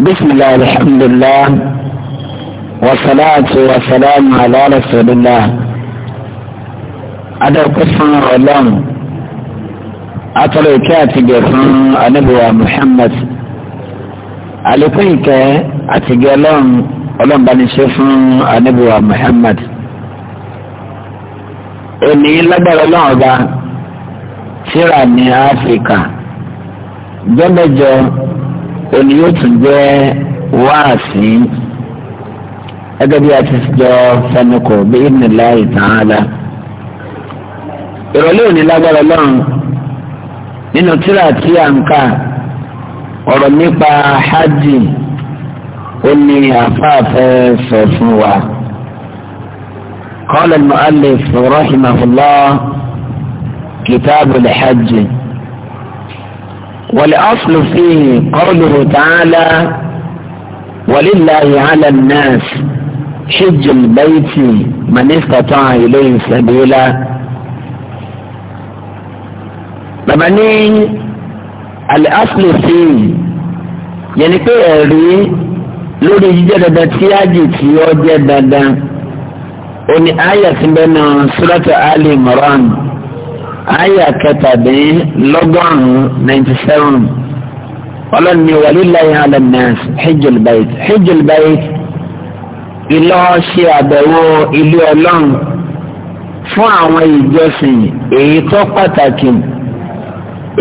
بسم الله الحمد لله والصلاة والسلام على رسول الله أدعوكم الله atọ́lọ́ ìkẹ́ àtìgẹ̀ fún anábìwá Muhammad àlékún ìkẹ́ àtìgẹ̀ ọlọ́run ọlọ́run bá ní ṣe fún anábìwá Muhammad òní lágbára ọlọ́run ọba tíra ní áfíríkà jọ́mẹ́jọ òní yóò tún jẹ́ wáàsí gẹ́gẹ́ bí a ti jọ fẹnukọ bí ìnìláyìí tàn án la ìrọ̀lẹ́ òní lágbára lọ́rùn nínú tíra tí a ń kà ọ̀rọ̀ nípa hajj ó àfáàfẹ́ sọ fún wa. قال المؤلف رحمه الله كتاب الحج والأصل فيه قوله تعالى ولله على الناس حج البيت من استطاع إليه سبيلا بمني الأصل فيه يعني pé ẹ̀rí lórí jíjẹ́ dandan tí ájì tí ó jẹ́ dandan àyà kẹtàdínlọ́gọ́rùn-ún ninety seven ọlọ́run ní walillahi ala nnas hijjul bayt hijjul bayt ìlọ ṣe àbẹ̀wò ilé ọlọ́run fún àwọn ìjọsìn èyí tó pàtàkì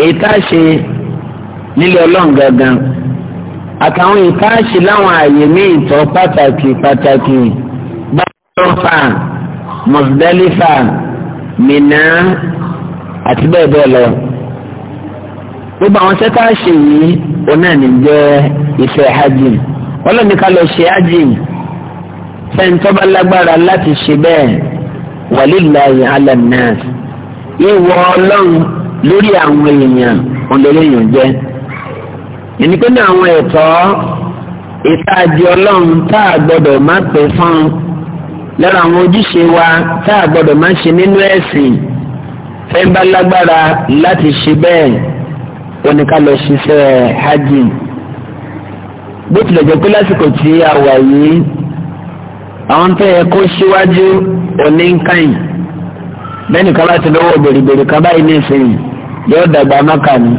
èyí tá a ṣe nílé ọlọ́run gangan àtàwọn èyí tá a ṣe láwọn àyè míì tó pàtàkì pàtàkì bá a lọ́fà Muzdalifa Mina àti bẹ́ẹ̀ bẹ́ẹ̀ lọ. gbogbo àwọn sẹ́tà ṣe yìí òun náà ní jẹ́ iṣẹ́ hajj ọlọ́ni ká lọ ṣe hajj fẹ́ntọ́ba lágbára láti ṣe bẹ́ẹ̀ wàlíláyé alẹ́nàás ìwọ ọlọ́run lórí àwọn èèyàn ọ̀lẹ́lẹ́yìn jẹ́ ẹni pé ní àwọn ẹ̀tọ́ ìtaàjì ọlọ́run tá a gbọ́dọ̀ má pè fún un lára àwọn ojúṣe wa tá a gbọ́dọ̀ má ṣe nínú ẹ̀sìn ẹ bá lágbára láti ṣe bẹ́ẹ̀ oníkálọ̀ ṣiṣẹ́ hajj bó tilẹ̀ jẹ́ pé lásìkò tí a wà yìí àwọn tó yẹ kó síwájú oníkàyìn bẹ́ẹ̀ nìkan bá ti lọ́wọ́ bèrèbèrè kan báyìí nísìnyí yóò dàgbà mọ́kà ni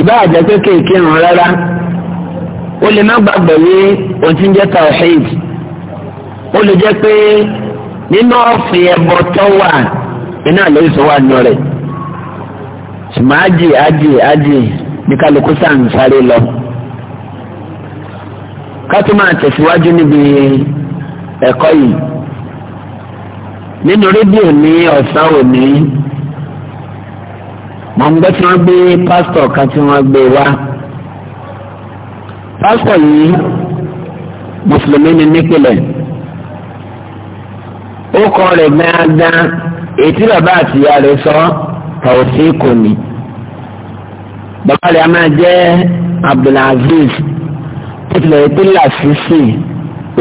ìbá àjẹ́ pé kéèké ràn rárá ó lè má gbàgbọ́ yé ohun tí ń jẹ́ tawhid ó lè jẹ́ pé nínú ọ̀fìn ẹ̀bọ tó wà iná lórí sọ wà nù rẹ̀ ṣùgbọ́n ájì ájì ájì ní kálukú sàn sáré lọ. ká tó máa tẹ̀síwájú níbi ẹ̀kọ́ yìí nínú rédíò ní ọ̀sán òní mọ̀ ń gbọ́ tí wọ́n gbé pásítọ̀ kan tí wọ́n gbé wá pásítọ̀ yìí mùsùlùmí ni nípìnlẹ̀ ó kọ́ rẹ̀ gbáadáa ètí bàbá àti ìyá rẹ̀ sọ tàwọsí kò ní. bàbá rẹ̀ a máa jẹ́ Abdulaziz tó tilẹ̀ pé làṣìṣì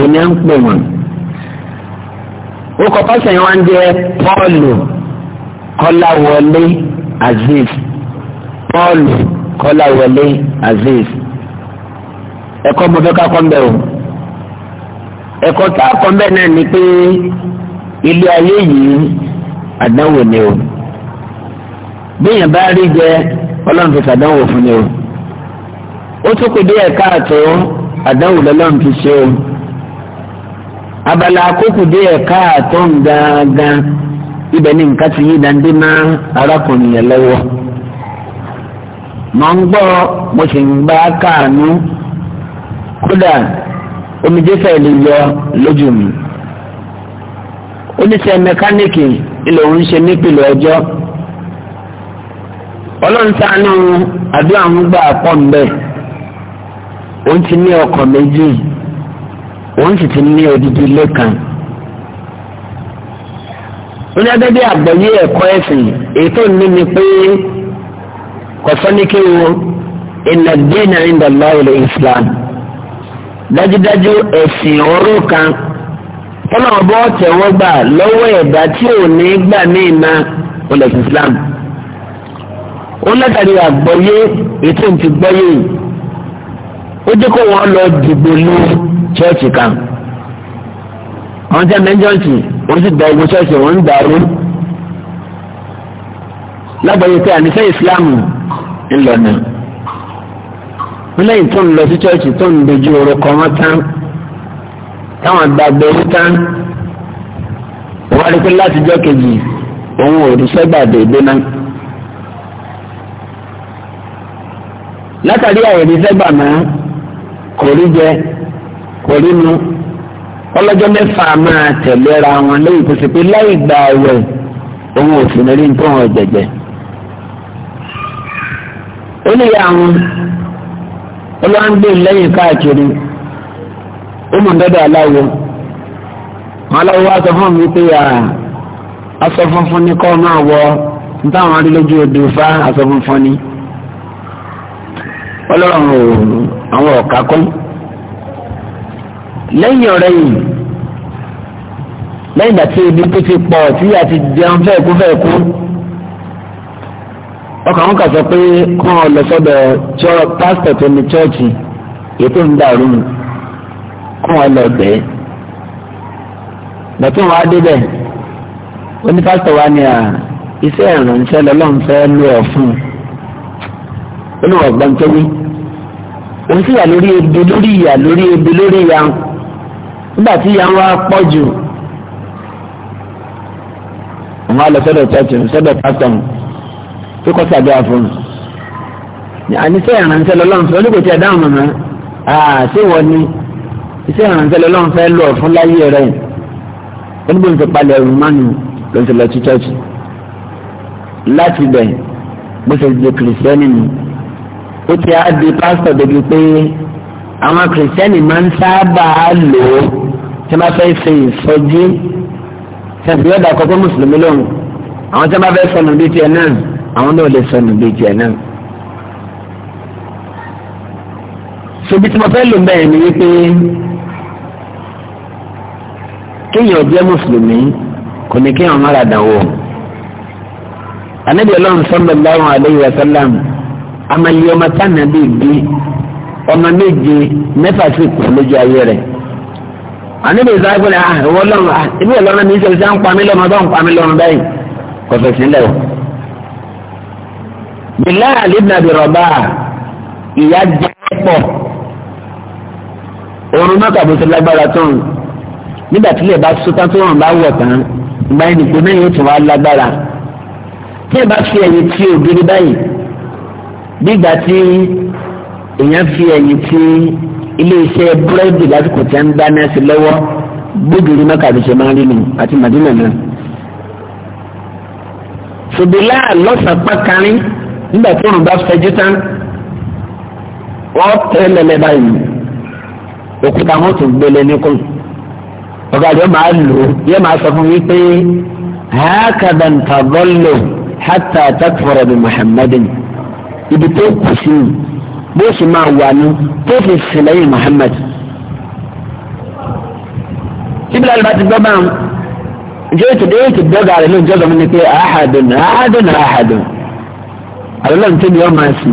òní à ń pè wọ́n. ó kọ pásẹ̀ yẹn wọ́n ń jẹ́ Pọ́ọ̀lù Kọ́láwọlé Aziz Pọ́ọ̀lù Kọ́láwọlé Aziz. ẹ̀kọ́ mo fẹ́ ká kọ́ ń o. ẹ̀kọ́ tá a kọ́ ń náà ni pé ilé ayé yìí àdánwò ni o bíyàn bá rí jẹ ọlọ́run fi sàdánwò fún ni o ó tún kù díẹ̀ káàtó àdánwò lọ́lọ́run fi ṣe o abala àkókò díẹ̀ káàtó ń gangan ibẹ̀ ni nǹkan ti yí dandé má arákùnrin yẹn lọ́wọ́ mọ̀ ń gbọ́ mo sì ń gbá káànú kódà omijé fẹ́ lè yọ lójú mi oníṣẹ́ mẹkáníìkì ilẹ̀ òun ṣe nípìnlẹ̀ ọjọ́ ọlọ́ntàánú àdúrà ń gbà pọ̀ mbẹ́ òun ti ní ọkọ̀ méjì òun sì ti ní odidi ilé kan wọ́n yá gẹ́gẹ́ àgbọ̀yé ẹ̀kọ́ ẹ̀sìn èyí tó ní ni pé kọ̀sọ́nìkéwo ìnàdínà ìdàlọ́ ilẹ̀ Islam dájúdájú ẹ̀sìn ọ̀rọ̀ kan tọ́lọ́wọ́ bọ́ tẹ̀wọ́ gbà lọ́wọ́ ẹ̀dá tí ò ní gbà ní ìmá olùsìn Islam ó látàrí àgbọ́yé ètò ìtì gbọ́yé ó jẹ́ kó wọ́n lọ dìbò lu chọ́ọ̀chì kan àwọn tí a mẹ́jọ ọ̀chì wọ́n sì da ìwé chọ́ọ̀chì wọ́n ń dàrú lágbàáyé pé ànífẹ́ Islam ńlọ náà wọ́n lẹ́yìn tó ń lọ sí chọ́ọ̀chì tó ń dojú orúkọ wọn tán. táwọn gbàgbé níta wọ́n rí pé látijọ́ kejì òun ò ríṣẹ́ gbàdé gbéná. látàrí àìríṣẹ́ gbàmọ́ kò rí jẹ kò rí mu ọlọ́jọ́ mẹ́fà máa tẹ̀léra wọn lẹ́yìn tó ṣe pé láì gba ẹ̀wẹ̀ òun ò sì ní rí nǹkan ọ̀jẹ̀jẹ̀. ó ní ìyá àwọn olóńgbé lẹ́yìn ó mọ̀ dọ́dọ̀ aláwo wọn aláwo wá sọ fún mi pé aṣọ funfun ni kọ́ máa wọ nítawọn adílójú odò fa aṣọ funfun ni ọlọ́run ò àwọn ọ̀ka kọ́ lẹ́yìn ọ̀rẹ́ yìí lẹ́yìn ìgbà tí ebi tó ti pọ̀ tí a ti jẹun fẹ́ kú fẹ́ kú ọkàn wọn kà sọ pé kọ́ ọ lọ sọ́dọ̀ pásítọ̀ tó ní chọ́ọ̀chì ètò ń dàrú mi kó wọn lọ bẹ́ẹ̀ bàtí wọn á débẹ̀ onípásítọ̀ wa ni à iṣẹ́ ìrànṣẹ́ lọ́lọ́run fẹ́ lé ọ fún un olùwọ̀ gbọ́ntẹ́wé òun sì wà lórí ebi lórí ìyà lórí ebi lórí ìyà nígbà tí ìyà wa pọ̀ jù wọn á lọ sọ́dọ̀ tọ́tù sọ́dọ̀ pásítọ̀ tó kọ́ sàdúrà fún un àníṣe ìrànṣẹ́ lọ́lọ́run fẹ́ olùkọ́ tí ẹ̀ dáhùn mọ́mọ́ àà sí wọn ni iṣẹ́ ìrànṣẹ́ lọ́lọ́run fẹ́ lọ fún láyé rẹ̀ oníbo ń ti palẹ̀ ẹ̀rù mánu ló ń ti lọ sí chọ́ọ̀chì láti bẹ̀ bó ṣe di kìrìsìtẹ́nì ni ó ti á di pásítọ̀ débi pé àwọn kìrìsìtẹ́nì máa ń sábà lò ó tí wọ́n fẹ́ ṣe ìsọjí ṣẹ̀fì yọ̀dà kọ́kọ́ mùsùlùmí lòun àwọn tí wọ́n fẹ́ sọnù bíi tiẹ̀ náà àwọn náà lè sọnù bíi tiẹ̀ náà. ṣebí tí mo fẹ́ lò bẹ́ẹ̀ ni wípé kéèyàn jẹ́ mùsùlùmí kò ní kéèyàn má ra dànwó. anabi ọlọ́run sallallahu alayhi wa sallam amali ọmọ tánàbí bí ọmọ méje mẹ́fà sí kù lójú ayé rẹ̀ anabi ìsáfúnni ah ìwọ ọlọ́run ah ibi ọlọ́run mi sọ̀rọ̀ sáà ń pa mí lọ́mọ bá ń pa mí lọ́run báyìí kò fẹ̀sìn lẹ́wọ̀. Bilal ibn Abi Rabah ìyá jẹ́ pọ̀ òun mọ́tàbí tó lágbára tó ń nígbà tí ilẹ̀ bá sọ́tà tó wọn bá wọ̀ tán ìgbà yẹn nìkan náà yóò tún wá lágbára tí ẹ bá fi ẹ̀yìn ti ògiri báyìí nígbà tí èèyàn fi ẹ̀yìn ti ilé iṣẹ́ búrẹ́dì lásìkò tí wọ́n ń dáná sí lọ́wọ́ gbódùrí mẹ́ka àti ṣe máa ń rí nù àti màdínà náà. ṣùgbọ́n lọ́sàn-án pàkárín nígbà tí òun bá fẹjú tán wọ́n tẹ́ lẹ́lẹ́ báyìí òkúta wọn tún gbélé níkùn ọ̀gá rẹ̀ máa lò yẹ́ máa sọ fún mi pé hákàdà ntàbọ́lò hátà takfọ̀rọ̀ bí muhammadin ibi tó kù sí bó sì máa wà ní tó fi sílẹ̀yìn muhammad. ibilal bá ti gbọ́ bá ń jẹ́ ìtòdó ètò dọ́gà rẹ̀ ló ń jọ́gà mú ni pé àhàdùn àhàdùn àhàdùn àlọ́lọ́ ní tóbi ọ́ máa sì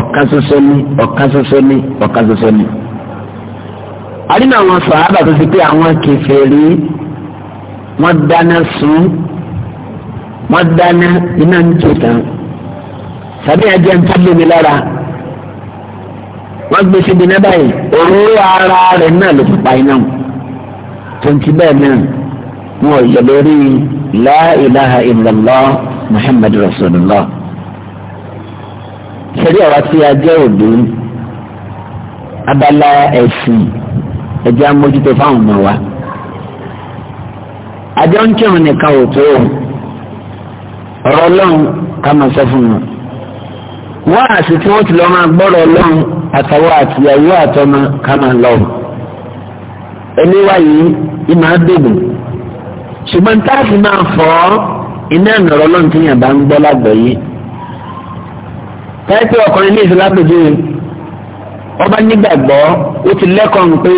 ọ̀kan ṣoṣo ní ọ̀kan ṣoṣo ní ọ̀kan ṣoṣo ní àdínà àwọn sàhábà tó ti pé àwọn kèfèrí wọ́n dáná sun wọ́n dáná iná ń tò tán tàbí ẹjẹ ń tó lómi lára wọ́n gbé síbi náà báyìí òróró ara rẹ̀ náà ló pa iná tonti bẹ́ẹ̀ náà wọn yọ lórí la ilaha muhammadu rasulullah sẹ́rí ọ̀rọ̀ tí a jẹ́ abala ẹ̀sìn ẹjẹ́ amójútó fáwọn ọmọ wa àjọ ń kírun nìkan ò tó ọ̀rọ̀ ọlọ́run ká máa sọ fún wọn wọ́n àti tí wọ́n ti lọ́ máa gbọ́rọ̀ ọlọ́run àtàwọn àtìyàwó àtọmọ ká máa lọ ẹni wáyé ìmọ̀ àdébò ṣùgbọ́n táàfin máa fọ́ iná ìnọ̀rọ̀ ọlọ́run tí yàn ń gbọ́ lágbọ̀ọ́yé táyé pé ọkùnrin ní ìsìlápẹ̀jẹ́ ọba nígbàgbọ́ ó ti lẹ́kọ̀ọ́ ń pé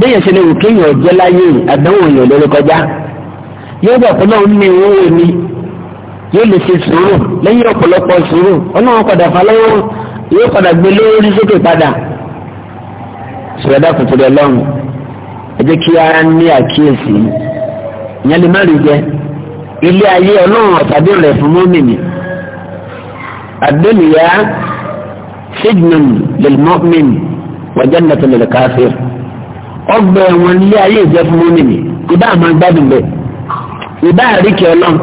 bẹ́ẹ̀ ṣe lè wù kéèyàn jẹ́ láyé àdánwò èèyàn lórí kọjá yóò gbà pé náà ń ní owó ni yóò lè ṣe sùúrù lẹ́yìn ọ̀pọ̀lọpọ̀ sùúrù ọlọ́run padà falọ́wọ́ yóò padà gbé lórí sókè padà sọ̀rọ̀dá kòtòrò ọlọ́run ẹ jẹ́ kí a ní àkíyèsí ìyẹn lè má rí jẹ ilé ayé ọlọ́run ọ̀tàdé sijnun lilmu'min wa jannatun lilkafir ọgbà ẹ̀wọ̀n ilé ayé ìjẹ́ fún mọ́mìnì ìbá àmọ́ gbádùn bẹ́ẹ̀ ìbá àríkì ọlọ́n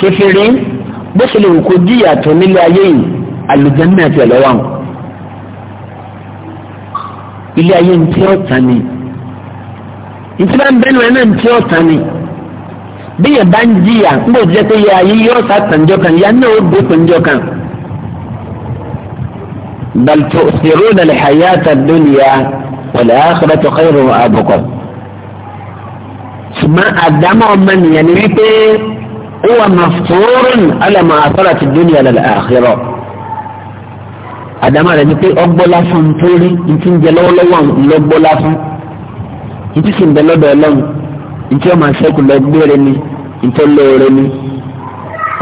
kẹfìrí bó ṣe lè wù kó díyà tó nílé ayé yìí àlùjànnà àti ẹ̀lọ́wà wọn. ilé ayé ń tí ọ̀tá ni ìtura ń bẹ́nu ẹ̀ náà ń tí ọ̀tá ni bí yẹn bá ń jìyà ń bò jẹ́ pé yẹ ayé yọ̀ ọ̀tá tàǹjọ́ kan yẹn náà ó gbé kan. بل تؤثرون الحياة الدنيا والآخرة خير وأبقى ثم الدمع من ينبته هو مفتور على معصرة الدنيا للآخرة àdámà rẹ̀ ni pé ọgbọ́lá fún un tó rí ntí ń jẹ lọ́wọ́lọ́wọ́ lọ́gbọ́lá fún ntí sì ń bẹ lọ́dọ̀ ọlọ́run ntí ọmọ àṣẹkù lọ gbére ni ntí ó lóore ni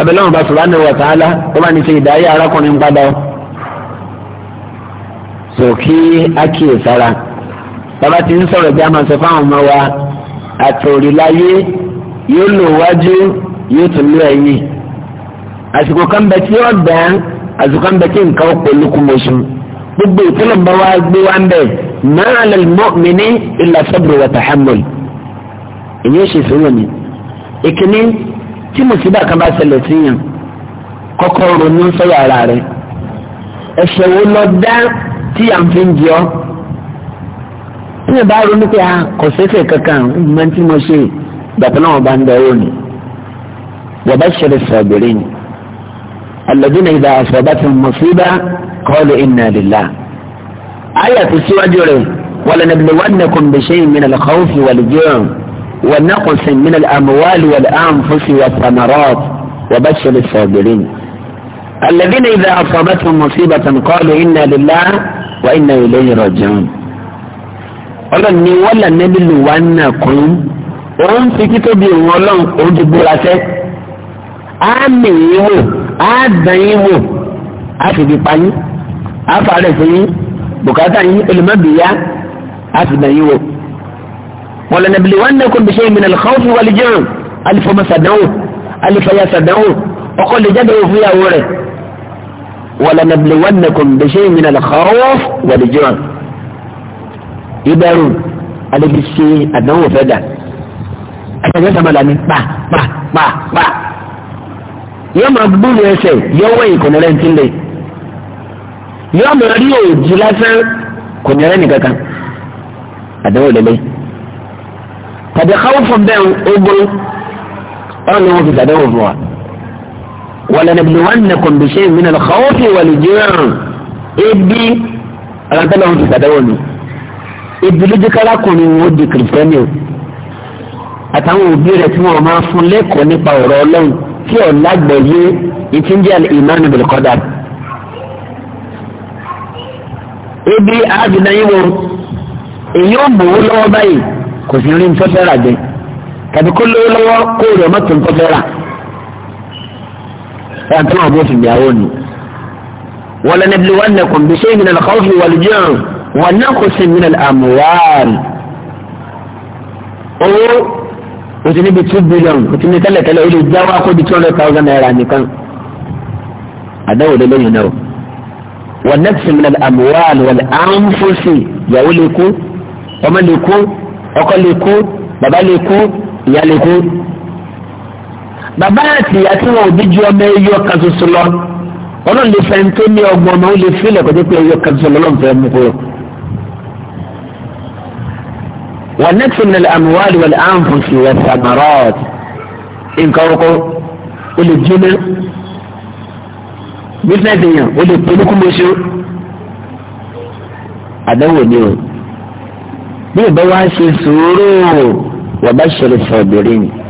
abẹ́lẹ́wọ̀n bá sọ̀rọ̀ àná wọ̀tá á lá ó bá ní ṣe ìdáyé arákùnrin padà ọ́ sòkí ákìyèsára bàbá ti ń sọ̀rọ̀ jáma sọ fáwọn ọmọ wa àtòríláyé yóò lò wájú yóò tún lò ẹ̀yìn àsìkò kan bẹ tí ó dá àsìkò kan bẹ tí nǹkan ó pẹ̀lú kùmọ̀ṣù gbogbo ìtọ́lọ̀ bá wá gbé wá ń bẹ̀ máa lè mọ́ mi ní ìlà sabru wa tahammul èyí ṣe sòwò ni ìkíní tí mùsíbà kan bá ṣẹlẹ̀ sí yàn kọ́kọ́ ronú sọ́yà ara rẹ̀ ẹ̀ṣẹ̀ wo lọ dá tí à ń fi ń jẹ ọ́ tí mi bá ronú pé a ah, kò sẹ́sẹ̀ kankan ìgbìmọ̀ tí mo ṣe bàtà náà bá ń dẹ̀wò ni wọ́n bá ṣẹlẹ̀ sọ̀bìrì ni alladhina idha asabathum musiba qalu inna lillah ayé àti síwájú rẹ̀ walanabluwannakum bishay'in minal khawfi wal ju'i wa naqsin minal amwali wal anfusi wath thamarat wa bashshiri sabirin alladhina idha asabathum musibatan wa inna ilayhi raji'un ọlọ́run ni wọ́n là nẹ́bí lù wá nà kún òun fi kí tóbi òun ọlọ́run òun ti búra sẹ́ á mì yín wò á dàn yín wò á sì fi pa yín á fà rẹ̀ sí yín bùkátà yín olùmọ̀bìyá á sì dàn yín wò. wọ́n là nẹ́bí nà kún bí sẹ́yìn mìíràn al-khawfi wal-ju' alifọmọ lè jáde òfin ìyàwó rẹ̀ ولنبلونكم بشيء من الخوف والجوع ìbẹ̀rù alẹ́bí ṣe àdánwò fẹ́ dà ẹgbẹ́ sàmàlà ní pa pa pa pa yóò máa gbúrú ẹsẹ̀ yóò wẹ̀ ìkọ̀nẹ́rẹ́ ń tilẹ̀ yóò máa rí òjì lásán kọ̀nẹ́rẹ́ nìkankan àdánwò lẹ́lẹ́ tàbí káwọ́ fún bẹ́ẹ̀ ogun ọ̀nà wọn fi sàdánwò fún wa. ولنبلونكم بشيء من الخوف والجوع ebi alantala wọn ti sàdáwọ ni ebi ló jẹ kálákùnrin wọn di kìrìsìtẹ́nì o àtàwọn òbí rẹ tí wọn máa fún lẹ́kọ̀ọ́ nípa ọ̀rọ̀ Ọlọ́run tí ọlágbẹyé ìtúndíà ìmánu bìlìkọdà ebi àdìdáyéwò èyí ò mọ̀wó lọ́wọ́ báyìí kò sí rí ntọ́fẹ́ rà jẹ tàbí kó lówó lọ́wọ́ kó rẹ̀ mọ́tò ntọ́fẹ́ rà ẹ̀ka náà bó fi gbìyàwó ni. ولنبلونكم بشيء من الخوف والجوع ونقص من الأموال owó ó ti níbi two billion ó ti ní tẹ́lẹ̀tẹ́lẹ̀ ó lè já wá kó di two hundred thousand naira nìkan àdáwò lé lóyún náà wọ́n nẹ́ẹ̀sì mi náà àmúwáàlù wọ́n àǹfọ̀sì ìyàwó lè kú ọmọ lè kú ọkọ lè kú bàbá lè kú ìyá lè kú bàbá àti ìyá tí wọn ò bí ju ọmọ ẹyọ kan ṣoṣo lọ ọlọ́run lè fẹ́ tó ní ọgbọ́n ọmọ ó lè fílẹ̀ kó tó pé ẹyọ kan ṣoṣo lọ́lọ́run fẹ́ mú kúrò. wà nẹ́tì nílẹ̀ àmúwárí wà láǹfọ̀sì wà sàmárọ̀t nǹkan ọkọ ó lè jóná bísíǹsì yẹn ó lè pẹ̀lú kúmọ̀ṣó àdánwò ni o bí ìbáwá ṣe sòrò wà bá ṣẹlẹ̀ sọ̀bìrín yìí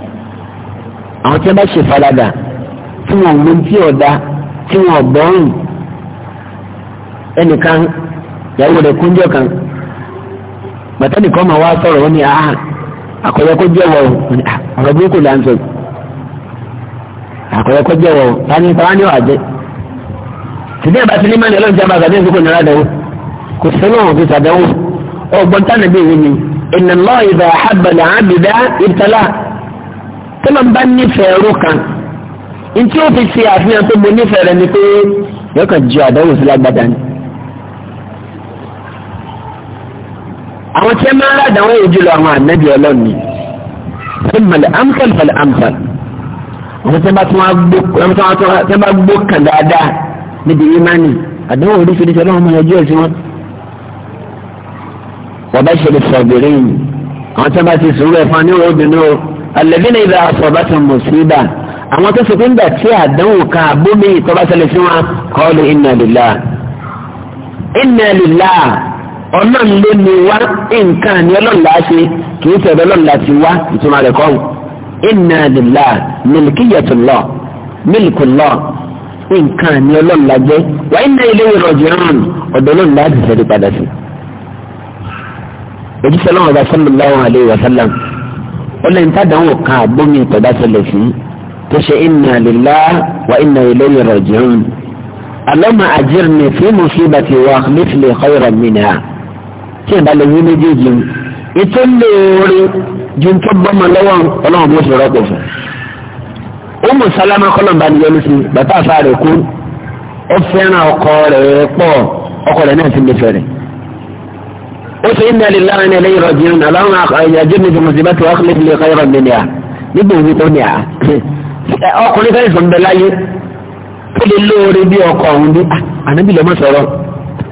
àwọn tí wọ́n bá ṣe faradà tí wọ́n mú tí ọ̀dà tí wọ́n gbọ́rùn ẹnìkan yàwó rẹ̀ kúnjọ́ kan bàtẹ́nì kan máa wá sọ̀rọ̀ wọn ni àhà ah, àkọ́yọ́ kó jẹ́wọ́ ah, ọ̀rọ̀ burúkú là ń sọ àkọ́yọ́ kó jẹ́wọ́ tani pa wá ní ọ̀àjẹ́ tìdí ẹ̀ bá ti ní mọ́ni ọlọ́run jábọ̀ àgbàdo ìdókòwò nira dẹ̀wò kò sẹ́nu àwọn òfin sàdẹ̀wò ọgbọ́n tánà ìwé ni ìnàlọ́ ìdá àbẹ̀lẹ̀ àbìdá ìtàlá tọ́lọ̀ ń bá nífẹ̀ẹ́ ẹrú kan ntí ó fi ṣe àfihàn pé mo nífẹ̀ẹ́ rẹ ni pé yóò kàn ju àdánwò sí lágbàdá ni. àwọn tí ẹ máa ń rà dáwọn èyí jùlọ àwọn ànábì ọlọ́run ni fẹ́mìlì amsal fẹ́lì amsal àwọn tí ẹ bá tún wá gbó kàn dáadáa níbi ìmánì àdánwò oríṣiríṣi ọlọ́run máa yọjú ẹ̀sìn wọn. wọ́n bá ṣe lè sọ̀gbẹ̀rẹ̀ yìí àwọn tí ẹ bá ti sùúrù ẹ̀fọn níwọ̀n obìnrin o alẹ́bínà ìlà àfọ̀bátà mùsíbà àwọn tó fi gbígbà tí àdánwò ká bómi ìtọ́básẹ́lẹ̀ sí wọn kọ́ọ̀lù inna lillah inna lillah ọlọ́run ló ní wá nǹkan ní ọlọ́run láá ṣe kì í tẹ̀lé ọlọ́run láti wá ìtumọ̀ rẹ̀ kọ́ inna lillah milkiyatullah milkullah nǹkan ní ọlọ́run láá jẹ́ wà inna ilayhi raji'un ọ̀dọ̀ ọlọ́run láti fẹ́ẹ́ padà sí. òjíṣẹ́ lọ́wọ́ ó lẹ́yìn tádàáwò kan àgbómi ìtọ́dá ṣẹlẹ̀ sí tó ṣe inna lillahi wa inna ilayhi raji'un allahumma ajirni fi musibati wa akhlif li khayran minha tí ìbálẹ̀ yín méjèèjì ètò lóore ju tó bọ́mọ lọ́wọ́ ọlọ́run bó ṣe rọ́pò fún Umu Salama kọlọmba ni yẹnu sí bàtà afárẹ kú ó fẹ́ràn ọkọ rẹ̀ pọ̀ ọkọ rẹ̀ náà sì ń bẹ ó ṣe inna lillahi wa inna ilayhi raji'un aláwọn àjẹmí fi musibati wa akhlif li khayran minha nígbà òbí tó ní à ọkùnrin fẹ́ẹ́ sọ̀n bẹ láyé tó lè lóore bí ọkọ òun bí ah, ànábì lọ́mọ sọ̀rọ̀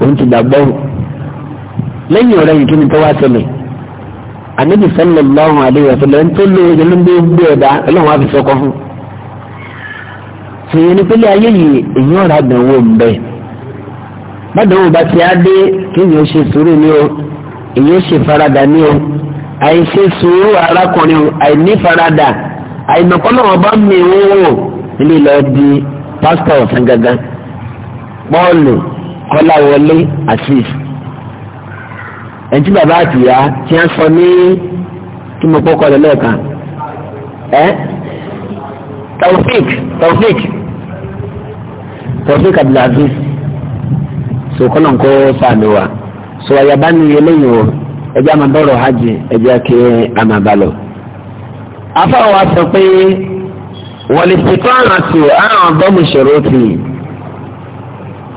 òun ti gbàgbọ́ lẹ́yìn ọ̀rẹ́ yìí kí ni tó wá ṣẹlẹ̀ ànábì sallallahu alaihi wa sallam tó lóore ló ń gbé gbé ẹ̀dá ọlọ́run wá fi sọkọ èyí ó ṣe farada ní o àìṣe sùúrù arákùnrin àìnífarada àìmọ̀kọ́lọ́ ọba mi wúwo nílé lọ di pásítọ̀ ọ̀sán gangan pọ́ọ̀lù kọ́láwọlé asís ẹ̀ńtí bàbá àtìyá tí wọ́n sọ ní kí mo kọ́kọ́ lọ lẹ́ẹ̀kan ẹ́ taofik taofik taofik abdulaziz sọ̀kọ́nà kó sáà lówà. So, so àyàbá ni eléyìí o ẹjẹ́ àmà bọ́rọ̀ hajj ẹjẹ́ kí àmà bá lọ. afáwọ̀ wa sọ pé wọ̀lìsìkọ́ àti àwọn ọgbọ́n ìṣòro ti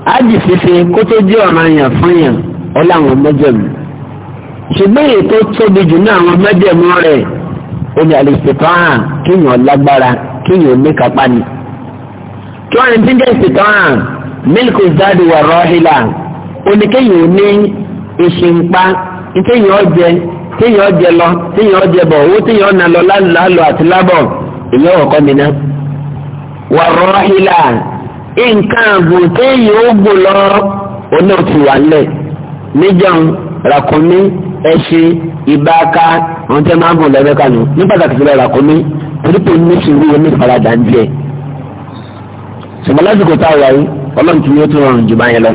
hajj fífi kó tó jẹ́ ọ̀nà yàn fún yàn ó láwọn mẹ́jẹ̀mú ṣùgbọ́n èyí tó tóbi jù ní àwọn mẹ́jẹ̀mú rẹ̀ ó ní àlìsìkọ́ hàn kéèyàn lágbára kéèyàn ní kápá ni. kí wọ́n ní ń jẹ́ ìsìkọ́ hàn mílíkù zádìwà rọ́ọ̀hìlà oníkéyìí ní ìṣìǹpa téèyàn ọjẹ téèyàn ọjẹ lọ téèyàn ọjẹ bọ̀ owó téèyàn ọ̀nà lọ lálọ àti lábọ̀ èyí ọ̀kọ́ mi ná. wà rọ́ọ̀hìlà nǹkan ààbò téèyàn ó gbò lọ olóòtú wà lẹ̀ níjọ́n ràkúnmí ẹṣin ìbáka àwọn tẹ́ máa ń gùn lẹ́gbẹ́ kanu ní pàtàkì sílẹ̀ ràkúnmí torípé oníṣòwò onífaradà ń jẹ. sọmọlásìkò táwọn ọlọ́run ti ní ó tún rọrùn jù báyẹn lọ.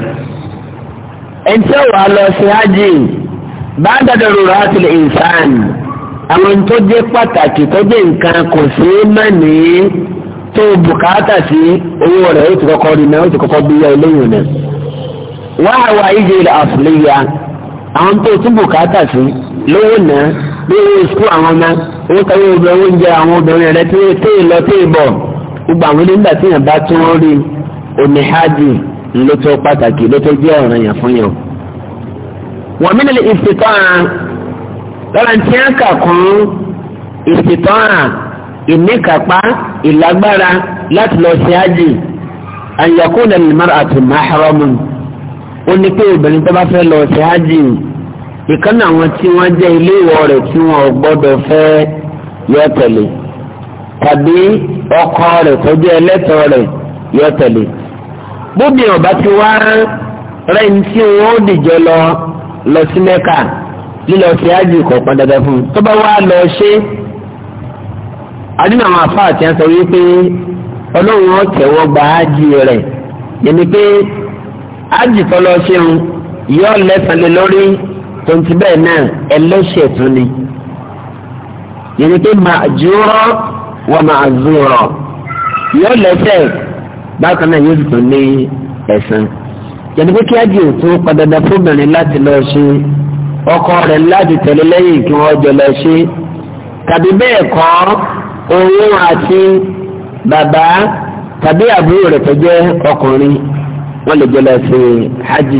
ẹnjẹ́ wàá lọ sí hajj bá dàdúró rásìlì àwọn tó jẹ́ pàtàkì tó jẹ́ nǹkan kò sí mẹ́ni tó bùkátà sí owó rẹ̀ ó ti kọ́kọ́ rí náà ó ti bí ya eléyìí náà wáá wá ilẹ̀ àfúlẹ́yà àwọn tó tún bùkátà sí lówó náà bí owó sukú àwọn ọmọ owó kan yóò bẹ oúnjẹ àwọn obìnrin rẹ tí yóò tẹ̀ lọ ló tó pàtàkì ló tó jẹ́ ọ̀ràn yẹn fún yẹn. wọ́n mi nílẹ̀ ìfìtọ́ à lọ́la tí a kà kún ìfìtọ́ ìníkàpá ìlágbára láti lọ sí ájì àyàkó lẹ́nu mara àti máhàrọ́mù ó ní pé obìnrin tó bá fẹ́ lọ sí ájì ìkànnì àwọn tí wọ́n jẹ́ ilé ìwọ rẹ̀ tí wọ́n gbọ́dọ̀ fẹ́ yọ tẹ̀lé tàbí ọkọ rẹ̀ tó jẹ́ ẹlẹ́tọ̀ọ́ rẹ̀ yọ tẹ̀lé bóbi ọba ti wá rẹ ní tí wọn ó dìjọ lọ lọ sí mẹ́kà lílọ sí ájì kọ̀ọ̀kan dandan fún un tó bá wá lọ ṣe adínà àwọn afá àti ẹsẹ wípé ọlọ́run ó tẹ̀wọ́ gba ájì rẹ̀ yẹn pé ájì tó lọ ṣeun yóò lẹ́sàn-án lórí tonti bẹ́ẹ̀ náà ẹlẹ́ṣẹ̀ tún ni yẹn pé màjúrọ̀ wà màjúrọ̀ yóò lẹ́sẹ̀ bákan náà yóò tún ní ẹ̀san yẹni pé kí á di òtún padàdà fóbìnrin láti lọ ṣe ọkọ rẹ̀ láti tẹ̀lé lẹ́yìn kí wọ́n jọ lọ ṣe tàbí bẹ́ẹ̀ kọ́ òun àti bàbá tàbí àbúrò rẹ̀ tó jẹ́ ọkùnrin wọ́n lè jọ lọ ṣe hajj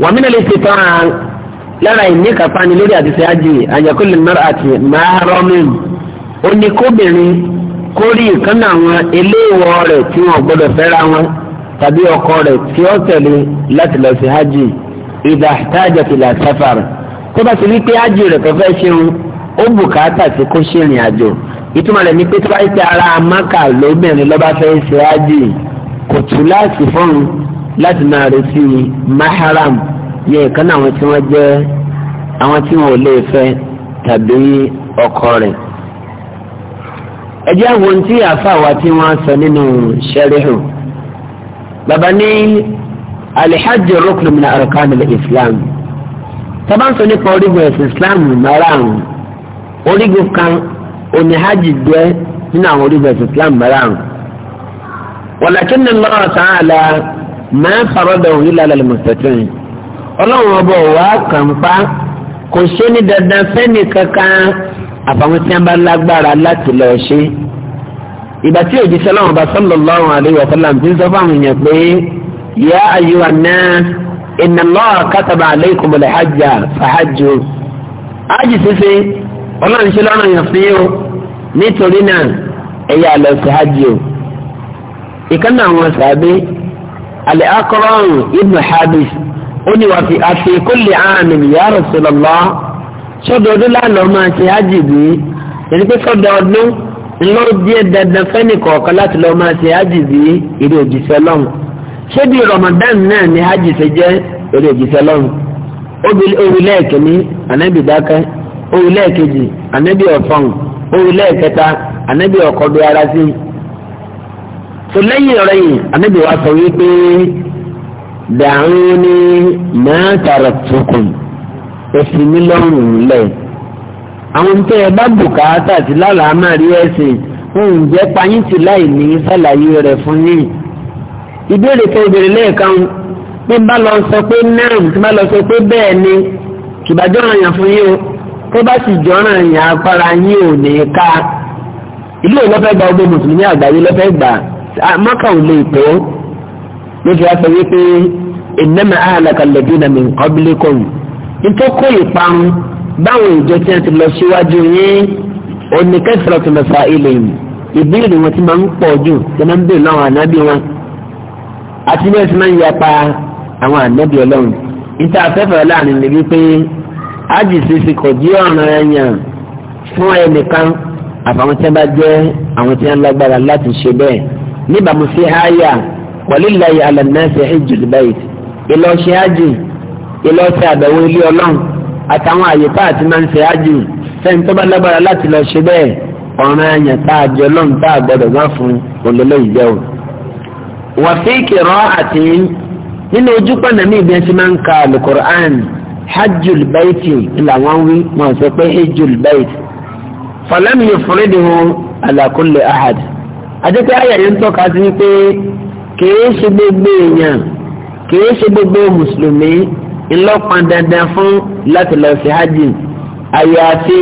wọ́n mi náà lè ṣe tán lára ìní kàfáàní lórí àti ṣe hajj àyàkó lè mọ́ra àti máa rọ́ọ̀mù oníkóbìnrin. kórì ìkànnì àwọn eléwọ rẹ tí wọn gbọ́dọ̀ fẹ́ra wọn tàbí ọkọ rẹ tí ó tẹ̀lé láti lọ sí hajj ìdá tájà tìlà sáfàrà tó bá ti rí pé hajj rẹ̀ tó fẹ́ ṣeun ó bùkátà tí kò ṣe ìrìn àjò ìtumọ̀ rẹ̀ ni pé tó bá ti ara amáka lóbìnrin lọ́ba fẹ́ ṣe hajj kò tún láti láti maharam yẹ àwọn tí wọ́n jẹ́ àwọn tí wọ́n ò lè fẹ́ tàbí ọkọ rẹ̀. ẹjẹ́ àwọn tí àfàwà tí wọ́n sọ nínú ṣẹ́ríhù bàbá ní alihajj rukun min arkan al-islam tọ́ba ń sọ nípa orígun ẹ̀sìn islam márùn-ún orígun kan òní hajj jẹ́ nínú àwọn orígun ẹ̀sìn islam márùn-ún walakinna Allah ta'ala ma faradahu illa lil-mustatin ọlọ́run ọba ò kàn pa kò ṣe dandan fẹ́ni kankan àfàwọn tí wọn bá lágbára láti lọ ṣe ìgbà tí òjíṣẹ́ lọ́wọ́ bá sallallahu alaihi wa sallam ti ń sọ fáwọn èèyàn pé ya ayyuhan nas inna Allaha kataba alaykumul hajja fahajju ájì ṣíṣe ọlọ́run ṣe lọ́rùn yàn fún yín nítorí náà ẹ̀yà lọ sí hajj o ìkànnì àwọn sàbẹ̀ alẹ́ akọ́rọ̀rùn ibnu habis ó ní wàá fi àfikún lè àmì ya Rasulullah sọdọọdún lánàá máa ṣe ájìbí yẹn pé sọdọọdún ńlọ díẹ̀ dandan fẹ́ni kọ̀ọ̀kan láti lọ máa ṣe ájìbí èrè òjìṣẹ́ lọ́hùn ṣé bí Ramadan náà ni ájì ṣe jẹ́ èrè òjìṣẹ́ lọ́hùn orílẹ̀ èkìní ànábì dákẹ́ orílẹ̀ èkejì ànábì ọ̀fọ̀n orílẹ̀ èkẹta ànábì ara sí i tó lẹ́yìn ọ̀rẹ́ yìí ànábì wa sọ wípé dàrú ni mẹ́tàrà tukùn ẹ̀sìn mi lọ́rùn lẹ̀ àwọn tẹ́ ẹ bá bùkátà sí lálàámà rí ẹ̀sìn wọn ò jẹ́ payín tì láì ní sàlàyé rẹ̀ fún yín ìbéèrè kan ìbéèrè lẹ́ẹ̀kan bí bá lọ sọ pé náà tí bá lọ sọ pé bẹ́ẹ̀ ni kìbàjọ́ ọ̀ràn fún yín o tó bá sì jọ ọ̀ràn yàn apára yín ò ní ká ìlú ò lọ́fẹ́ gba ogun mùsùlùmí àgbáyé lọ́fẹ́ gbà mọ́kà lè tó ló fi wá sọ wípé innama ahlaka alladhina min ntọ́kọ̀ ìparun báwọn ìjọ tí wọ́n ti lọ síwájú yín oníkẹ́sìrọ̀ tó lọ fa ilẹ̀ yìí ìbéèrè wọn ti máa ń pọ̀ jù tí wọ́n máa ń béèrè láwọn ànábì wọn àti bí wọ́n ti máa ń yapa àwọn ànábì ọlọ́run níta afẹ́fẹ́ láàrin lè wípé ájìsísì kò jí ọ̀ràn ẹ̀yàn fún ẹnìkan àfàwọn tí wọ́n bá jẹ́ àwọn tí wọ́n lágbára láti ṣe bẹ́ẹ̀ níbàámu sí háyà wàlíláyà alẹ́ náà ṣe é jù ilé ọ̀sẹ̀ àbẹ̀wò ilé ọlọ́run àtàwọn àyè tá a ti máa ń ṣe ájì sẹ́ni tó bá lágbára láti lọ ṣe bẹ́ẹ̀ ọ̀ràn ẹ̀yàn tá a jẹ ọlọ́run tá a gbọ́dọ̀ gbá fún olólè ìjẹ́ o. wàfíìkì rọ àti nínú ojú pọ̀nà ní ibi ẹtí máa ń ka alukur'an hajjul baiti làwọn wí wọn sọ pé hajjul baiti fọlẹ́mi yóò fúnrẹ́ dìbò alakunle ahad àdékẹ́ ayẹyẹ ń tọ́ka sí pé kìí ṣe gbogbo èèyàn kìí ṣe gbogbo mùsùlùmí ńlọ́pọn dandan fún láti lọ sí hajj àyàfi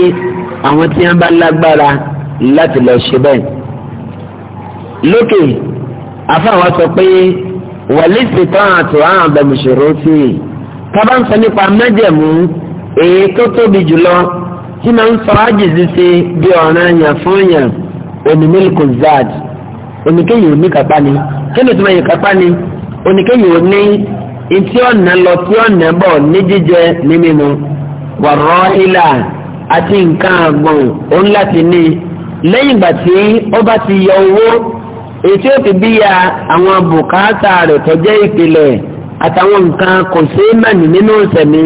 àwọn tí wọ́n bá lágbára láti lọ ṣe bẹ́ẹ̀. lókè afáwọn sọ pé wàlísì tán àtò àwọn àbẹ̀mùsòrò sí i tábà ń sọ nípa mẹ́jẹ̀mú èyí tó tóbi jùlọ tí máa ń sọ hajj ṣíṣe bí ọ̀ràn yàn fún yàn onímílíkù zad oníkéyìí oníkápá ni kí ni tí wọ́n yẹ kápá ni oníkéyìí oní. ntí ọna lọ tí ọna bọ̀ ní jíjẹ ní mímu wàrọ̀ ilà àti nǹkan agbọn òun láti ní lẹyìn ìgbà tí ó bá ti yọ owó ètí ó ti bí ya àwọn bùkátà rẹ̀ tọ́jẹ́ ìpìlẹ̀ àtàwọn nǹkan kò sí mẹ́rin nínú ìsẹ̀mí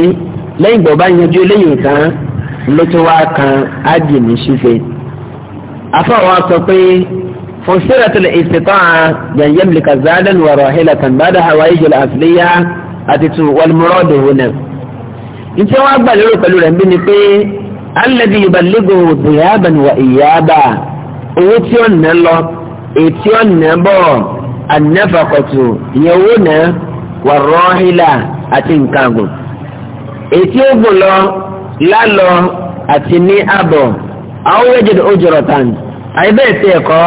lẹyìn ìgbà ó bá yanjú kan kan ní afọ àwọn sọ pé فسرت الاستطاعة بأن يملك زادا وراحلة بعد هوائج الأصلية àtìtù wàlmúrọ́dù hùnà. Ìtí wọ́n gbà lérò pẹ̀lú rẹ̀ bí ni pé alẹ́bí ìbàlégò òdìyàbà wà ìyàbà owó tí ó nà lọ ètí ó nà bọ̀ ànáfàkọ̀tù ìyẹn owó nà wà rọ́ọ̀hìlà àti nkàgùn. Ètí ó gùn lọ lálọ àti ní àbọ̀ àwọn wẹ́jẹ̀ òjòrò tàn àìbẹ́ẹ̀ tẹ̀ kọ́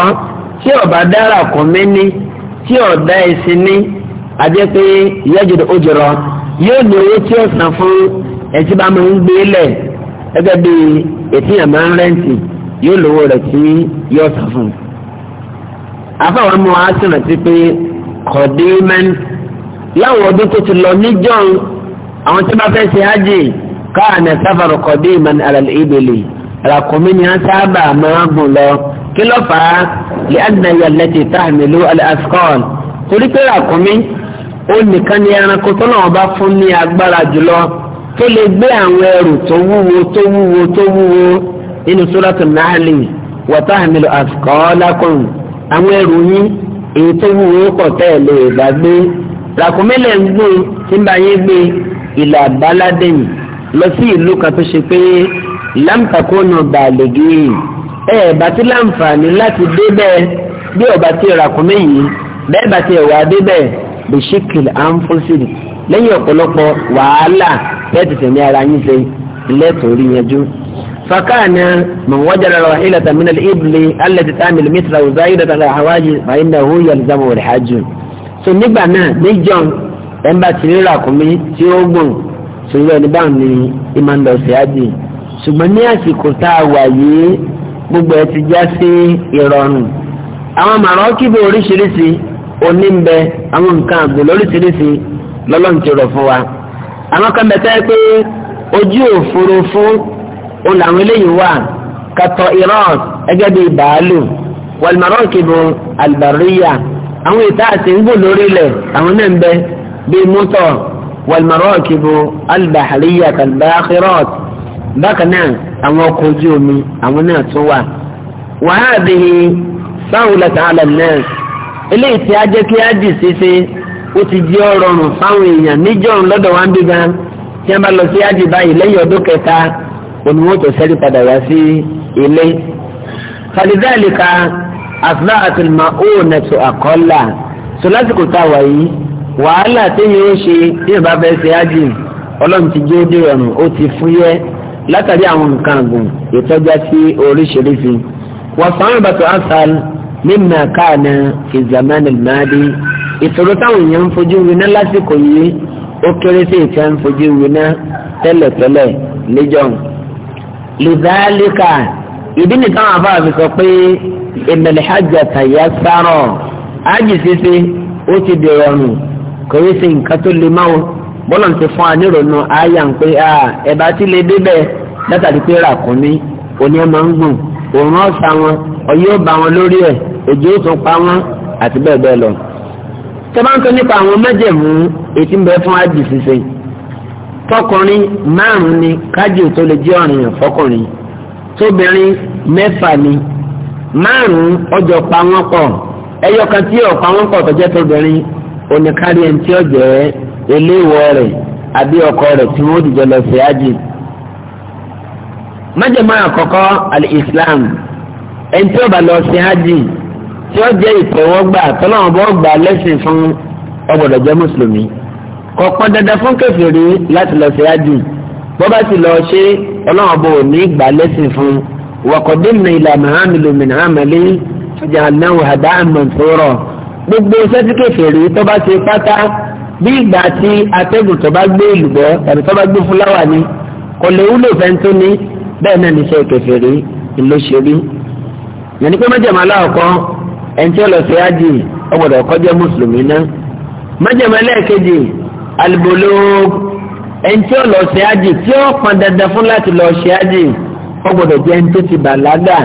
tí ọba dára kọ́ mí ní tí ọ̀dá ẹ̀sìn ní ajẹ́ pé yẹ́jọ́ ó jọrọ yóò ní owó tí ó san fún ẹtí bá máa ń gbé lẹ̀ gẹ́gẹ́ bí ètí yàn máa ń rẹ́ǹtì yóò lówó rẹ̀ tí yóò san fún un. afáwọn ọmọ wa sì rántí pé kọ̀dímẹ́n láwọn ọdún tó ti lọ níjọ́n àwọn tí bá fẹ́ ṣe hajj káàní sáfàrọ̀ kọ̀dímẹ́n alàlẹ́ ìbèlè ràkùnmí ni wọ́n sábà máa ń gùn lọ kí ló fà á lẹ́ẹ̀dínà yàlẹ́tì táàmìlú al-asqal torí pé ràkúnmí ó nìkan ní ẹranko tó náà bá fún ní agbára jùlọ tó lè gbé àwọn ẹrù tó wúwo tó wúwo tó wúwo nínú sóràtù náàlì wa tahmilu asqalakum àwọn ẹrù yín èyí tó wúwo pọ̀ tẹ́ lè gbé ràkúnmí ń gbé tí ń bá yín gbé ìlà báládẹ́yìn lọ sí ìlú kan tó ṣe pé lam takunu balighi ẹ bá ti láǹfààní láti débẹ̀ bí ọba ti ràkúnmí yìí bẹ́ẹ̀ bá ti ẹ̀wà débẹ̀ bishikil anfusin lẹ́yìn ọ̀pọ̀lọpọ̀ wàhálà bẹ́ẹ̀ tẹ̀mí ara yín ṣe lẹ́tọ̀ọ́rí yanjú. fakana man wajara rahilata min al-ibli allati ta'mil mithla wa zaidata ala hawaji fa innahu yalzamu al-hajj. so nígbà náà níjọ́ ẹ̀ ń bá ti rí ràkúnmí tí ó gbọ̀n sòwúrọ̀ ní báwọn ni ìmọ̀ ń lọ sí àjì ṣùgbọ́n ní àsìkò tá a wà yìí gbogbo ẹ̀ ti já sí ìrọ̀rùn àwọn màrọ́kìbò oríṣiríṣi òní ń bẹ àwọn nǹkan àgbò lóríṣiríṣi lọ́lọ́run ti rọ̀ fún wa àwọn kan bẹ tẹ́ pé ojú òfurufú òun làwọn eléyìí wà kàtọ́ irọ́ọ̀t ẹgẹ́ bíi bàálù wàlmàrọ́kìbò àlùbáríyà àwọn ìta àti ńgbò lórí ilẹ̀ àwọn náà ń bẹ bíi mọ́tọ̀ wàlmàrọ́kìbò àlùbáríyà kàlùbáríyà bákan náà àwọn ọkọ̀ ojú omi àwọn náà tún wà. wàhálà bíi sáwùlà tààlà náà eléyìí tí a jẹ́ kí á dì síse ó ti di ọrọ̀rùn fáwọn èèyàn níjọ́rùn lọ́dọ̀ wa ń bí gan tí wọ́n bá lọ sí ájì báyìí lẹ́yìn ọdún kẹta oníwọ́n tó sẹ́rí padà wá sí ilé. fàdídàlìkà àfúrà àtìmọ̀ òun nẹ̀tù àkọ́là tó lásìkò tá a wà yìí wàhálà téèyàn ó ṣe tí ìbá bẹ́ẹ̀ ṣe ájì ọlọ́run ti jó dé ọ̀run ó ti fúyẹ́ látàrí àwọn nǹkan àgùn ìtọ́já sí oríṣiríṣi wọ́n sàn bàtò asal mímọ káàna fi zaman al-madi ìṣòro táwọn èèyàn ń fojú winá lásìkò yìí ó kéré sí ìta ń fojú winá tẹ́lẹ̀tẹ́lẹ̀ lẹ́jọ́ lidhalika ìdí nìkan àbá mi sọ pé ìmẹ̀lẹ̀ hajj àtàyà sárọ̀ ájì ṣíṣe ó ti dèrò ọ̀run kò nǹkan tó le máa bọ́lọ̀ ti fún wa nírònú àyà ń pé ẹ bá ti lè débẹ̀ látàrí pé ràkúnmí oní ọmọ ń gùn òun ọ̀sà wọn ọyẹ́ ó bá wọn lórí ẹ̀ òjò ó tún pa wọn àti bẹ́ẹ̀ bẹ́ẹ̀ lọ. tẹ́ ń tọ́ nípa àwọn mẹ́jẹ̀mú etí ń bẹ fún ájì ṣíṣe fọkùnrin márùn-ún ni kájì tó lè jẹ́ ọ̀rìyàn fọkùnrin tóbìnrin mẹ́fà ni márùn-ún ọjọ́ pa wọ́n pọ̀ ẹyọ kan tí ọ̀pá wọ́n pọ̀ tó jẹ́ tóbìnrin oníkárí ẹni tí ó jẹ́ eléwọ́ rẹ̀ àbí ọkọ rẹ̀ tí wọ́n dìjọ lọ sí ájì májèmọ́ àkọ́kọ́ al-islam ẹni tí ó bá lọ sí hajj tí ó jẹ́ ìtẹ̀wọ́gbà tọ́lọ́wọ́n bọ́ gbà lẹ́sìn fún ọgbọ̀dọ̀ jẹ́ mùsùlùmí kò pọn dandan fún kèfèrí láti lọ sí hajj bó bá sì lọ ṣe ọlọ́wọ́n bọ́ ò ní gbà lẹ́sìn fún wa qadimna ila ma amilu min amali fajalnahu hada'an mansura gbogbo sẹ́tí kèfèrí tó bá ṣe pátá bí ìgbà tí atẹ́gùn tó bá gbé ìlùbọ́ tàbí tó bá gbé fúláwà ni kò lè wúlò fẹ́ntó ni bẹ́ẹ̀ náà ní iṣẹ́ kèfèrí ìlóṣèlú yẹn ni pé májèmọ aláwọkọ ẹni tí ó lọ sí ájì ọgbọdọ kọjá mùsùlùmí náà májèmọ ẹlẹ́ẹ̀kejì alibolo ẹni tí ó lọ sí ájì tí ó pọn dandan fún láti lọ sí ájì ọgbọdọ jẹ ẹni tó ti bàlágà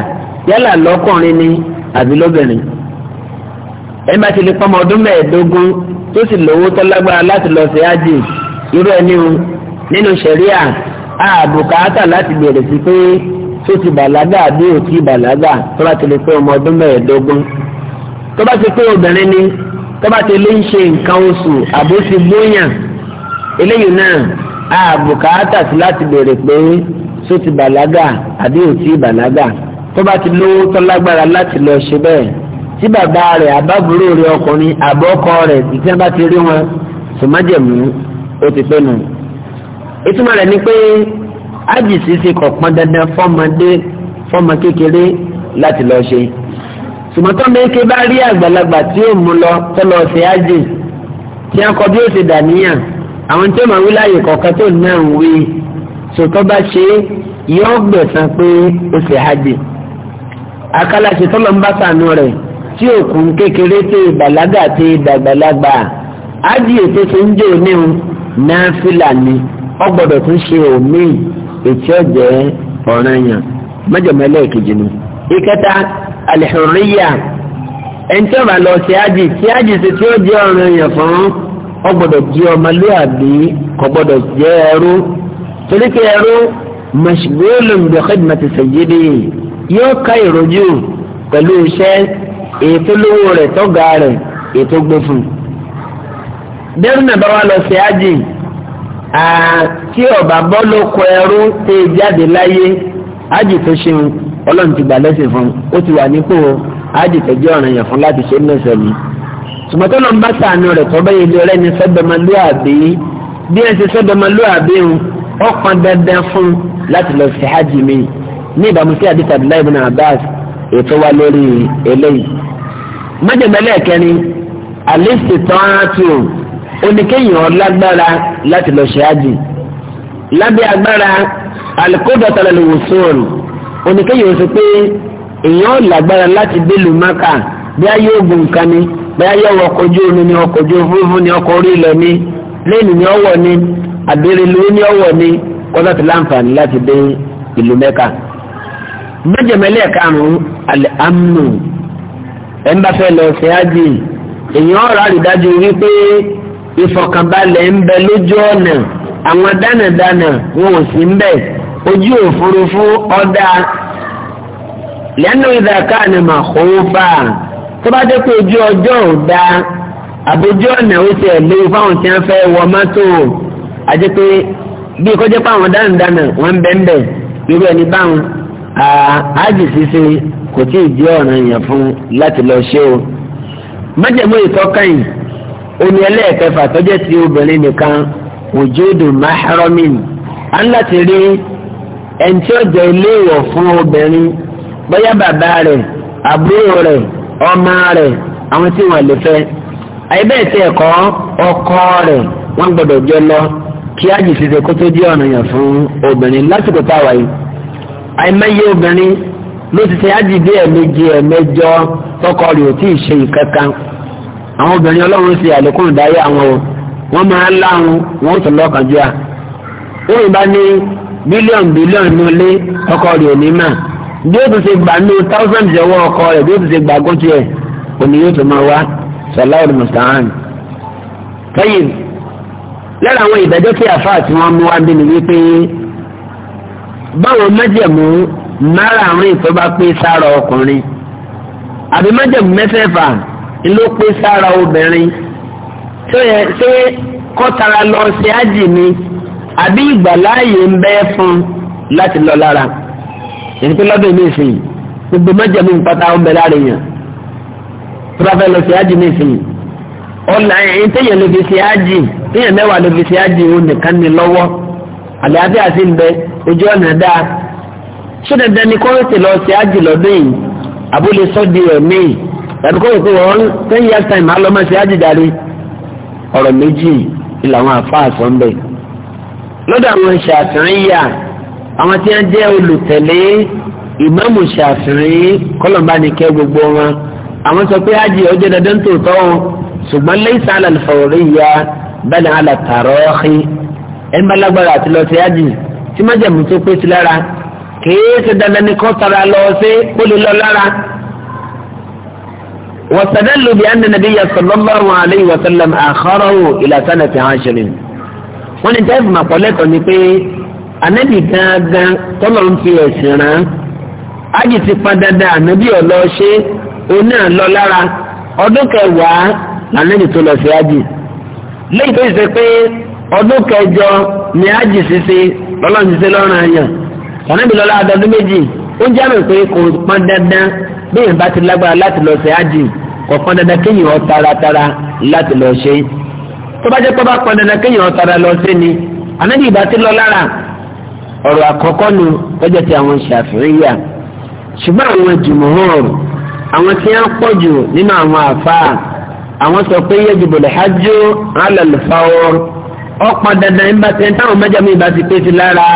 yálà lọ́kùnrin ni àbí lóbìnrin ẹni bá ti lè pọmọ ọdún mẹ́ẹ̀ẹ́dógún tó sì lówó tó láti lọ sí ájì irú ẹni nínú sẹríà àbùkátà láti bẹ̀rẹ̀ sí pé tó ti bàlágà àbí ò tí bàlágà tó bá ti lè pé ọmọ ọdún mẹ́ẹ̀ẹ́dógún tó bá ti pé obìnrin ni tó bá ti lè ń ṣe nǹkan oṣù àbó ti gbóyàn eléyìí náà àbùkátà sí láti bèrè pé tó ti bàlágà àbí ò tí bàlágà tó bá ti lówó tó lágbára láti lọ ṣe bẹ́ẹ̀ tí bàbá rẹ̀ àbábúrò rẹ̀ ọkùnrin àbọ̀kọ rẹ̀ ìtẹ́ bá ti rí wọn sòmájẹ̀mú ó ti pẹ́ nù ìtumọ̀ rẹ̀ ni pé ájì ṣíṣe kò pọn dandan fọ́mọdé fọ́mọ kékeré láti lọ ṣe sùmọ́tọ́ méke bá rí àgbàlagbà tí ó mú lọ tó lọ ṣe ájì tí a kọ bí ó ṣe dàníyàn àwọn tí ó máa wí láàyè kọ̀ọ̀kan tó náà ń wí sòtọ́ bá ṣe yọ gbẹ̀sán pé ó ṣe ájì akálàṣe tọ́lọ́ ń bá sànú rẹ̀ tí òkun kékeré tẹ ìbàlágà tẹ ìdàgbàlagbà ájì ètò ṣe ń jò níhun náà fìlà ni. Nafilani ọ gbọ́dọ̀ tún ṣe òmí ètí ọ̀jẹ̀ ọ̀ranyàn mẹ́jọ̀mọ́ ẹlẹ́ẹ̀kejì ni. ìkẹta alihuriya ẹni tí ó bá lọ sí ájì tí ájì sì tí ó jẹ́ ọ̀ranyàn fún ọ gbọ́dọ̀ jẹ́ ọmọlúwàbí kò gbọ́dọ̀ jẹ́ ẹrú torí pé ẹrú mashgulun bi khidmati sayyidi yóò ká ìrojú pẹ̀lú iṣẹ́ ètò rẹ̀ tọ́gà rẹ̀ ètò gbé dẹ́rù náà bá wà lọ sí ájì tí ọba bọ́ ló kọ ẹrú tẹ jáde láyé ájì tó ṣeun ọlọ́run ti gbà lẹ́sìn fún ó ti wà nípò ájì tẹ́jọ́ ọ̀ràn yẹn fún láti ṣe mẹ́sẹ̀ mi. tùmọ̀tò ló ń bá sàánú rẹ̀ tọ́ bẹ́yẹ lé ọ̀rẹ́ ni sọ́dọ̀mọlúàbí bí ẹ ṣe sọ́dọ̀mọlúàbí ń ó pọn dandan fún láti lọ sí hajj mi ní ìbámu sí àdìsí Abdullahi ibn Abbas ètò wa lórí eléyìí. mọ́jọ̀mẹ́lẹ̀ kẹrin alẹ́ ṣètọ́ oníkéèyàn lágbára láti lọ ṣe ájì lábẹ́ agbára alikodọ̀tàlẹ̀ lòwòsàn oníkéèyàn sọ pé èèyàn lágbára láti délùú maka bí ayé ogun kan ni bí ayé ọkọ̀ ojú omi ni ọkọ̀ ojú òfurufú ni ọkọ̀ orí ilẹ̀ ni lẹ́nu ni ọwọ́ ni àbẹ̀rẹ̀lú ni ọwọ́ ni kọ́lá ti láǹfààní láti dé ìlú mẹ́ka. mẹ́jẹ̀mẹ́lẹ̀ karùn-ún alẹ́ amnu ẹ̀ ń bá fẹ́ lọ ṣe ájì èèyàn ọ̀rọ̀ àrídájú wípé ìfọ̀kànbalẹ̀ ń bẹ lójú ọ̀nà àwọn dánàdánà wọn ò sí ń bẹ ojú òfurufú ọ̀dà lẹ́nu ìdàkà ni mà kó fà tó bá dé pé ojú ọjọ́ ò da àbójú ọ̀nà ó ti ẹ̀ léwu fáwọn tí wọ́n fẹ́ wọ mọ́tò àti pé bí kọjá pé àwọn dánàdánà wọn ń bẹ ń bẹ irú ẹni báwọn àájì ṣíṣe kò tí ì jẹ́ ọ̀ràn yẹn fún láti lọ ṣe o májèmó ìtọ́kàn yìí oní ẹlẹ́ẹ̀kẹfà tọ́jẹ́ ti obìnrin nìkan wujudu mahramin á ń láti rí ẹni tí ó jẹ́ iléèwọ̀ fún obìnrin bóyá bàbá rẹ̀ àbúrò rẹ̀ ọmọ rẹ̀ àwọn tí wọ́n lè fẹ́ àyíbẹ̀ tí ẹ̀kọ́ ọkọ rẹ̀ wọ́n gbọ́dọ̀ jọ lọ kí á jì síse kó tó jẹ́ ọ̀nà yàn fún obìnrin lásìkò táwa yìí àìmọye obìnrin ló ti ṣe ájì bí ẹ̀mejì ẹ̀mẹjọ tọkọ rẹ̀ ò tí ì ṣe ìkankan àwọn obìnrin ọlọ́run ṣe àlékún ìdáyé àwọn o wọ́n máa ń láhùn wọ́n tún lọ́kàn jù à. wọ́n yìí bá ní bílíọ̀nù bílíọ̀nù lé ọkọ rẹ̀ òní mà bí ó tún ṣe gbà ní táwùsàn ìṣẹ̀wọ́ ọkọ rẹ̀ bí ó tún ṣe gbà gún tiẹ̀ òní yóò tún máa wá sọláwùd mùsàlùmí. lẹ́yìn lára àwọn ìdájọ́ tí àfáà tí wọ́n mú wá bí wípé báwọn májẹ̀mú márààrún ìtọ́ bá pé sára ọkùnrin àbí májẹ̀mú mẹ́fẹ̀ẹ̀fà ló pé sára obìnrin ṣé kọ́tara lọ sí ájì ni àbí ìgbàláàyè ń bẹ́ fún láti lọ lára èyí pé lọ́dún mi sìn gbogbo mẹ́jẹ̀mú pátá ń bẹ lára èèyàn tó bá fẹ́ lọ sí ájì mi sìn ọ̀là ẹ̀yìn téèyàn ló fi sí ájì téèyàn mẹ́wàá ló fi sí ájì òun nìkan ni lọ́wọ́ àlàáfíà sì ń bẹ ojú ọ̀nà dáa ṣé dandan ni kọ́ńtì lọ sí ájì lọ́dún yìí àbúlé sọ́dí ẹ̀mí tàbí kó òkú wọn ten years time á lọ máa ṣe ájìdáre ọ̀rọ̀ méjì làwọn àfáà sọ ń bẹ̀. lọ́dọ̀ àwọn ṣàfihànyà àwọn tí wọ́n jẹ́ olùtẹ̀lé ìmáàmù ṣàfihàn kọ́lọ̀mbánikẹ́ gbogbo wọn àwọn sọ pé ájì ọjọ́ dandan tó tọ́ wọn ṣùgbọ́n lẹ́yìn sálà lọ́fọ̀ọ́rẹ́ ìyá bẹ́ẹ̀ ni àlàtàrọ́ ọ̀hí ẹ̀ ń bá lágbára àti lọ sí ájì tí májàmú tó pé sí lára kèé ṣe dandan ni kọ́ tara lọ sí pólí lọ lára. واستدلوا بِأَنَّ النَّبِيَّ صَلَّى اللَّهُ عَلَيْهِ وَسَلَّمَ أَخَرَهُ إلى سنة عشر wọ́n ní tẹ́ẹ̀fù máa pọ̀ lẹ́tọ̀ọ́ ni pé ànábì gángan tọ́lọ̀ ń fi ẹ̀sìn rán ájì ti pa dandan ànábì ọ̀lọ́ ṣe oní àlọ́ lára ọdún kẹwàá lànábì tó lọ sí ájì lẹ́yìn tó ṣe pé ọdún kẹjọ ni ájì ṣiṣe lọ́lọ́run ṣiṣe lọ́rùn àyàn ànábì lọ́la adọ́dún méjì ó jẹ́ àmì pé kò pa dandan bí èèyàn bá ti lágbára láti lọ ṣe ájì kò pọn dandan kéèyàn ó taratara láti lọ ṣe é tó bá jẹ́ pé ó bá pọn dandan kéèyàn ó tara lọ ṣe ni ànábì ìbá ti lọ lára ọ̀rọ̀ àkọ́kọ́ nu lọ́jọ́ ti àwọn ṣàfihàn ṣùgbọ́n àwọn jùmọ̀hóòrò àwọn tí wọ́n pọ̀ jù nínú àwọn àfáà àwọn sọ pé yẹ́jùbọ̀lẹ̀ hajjú alàlùfáwọ́ ọ̀pọ̀ dandan ń ti táwọn mẹ́jọ mi ìbá ti pé ti lára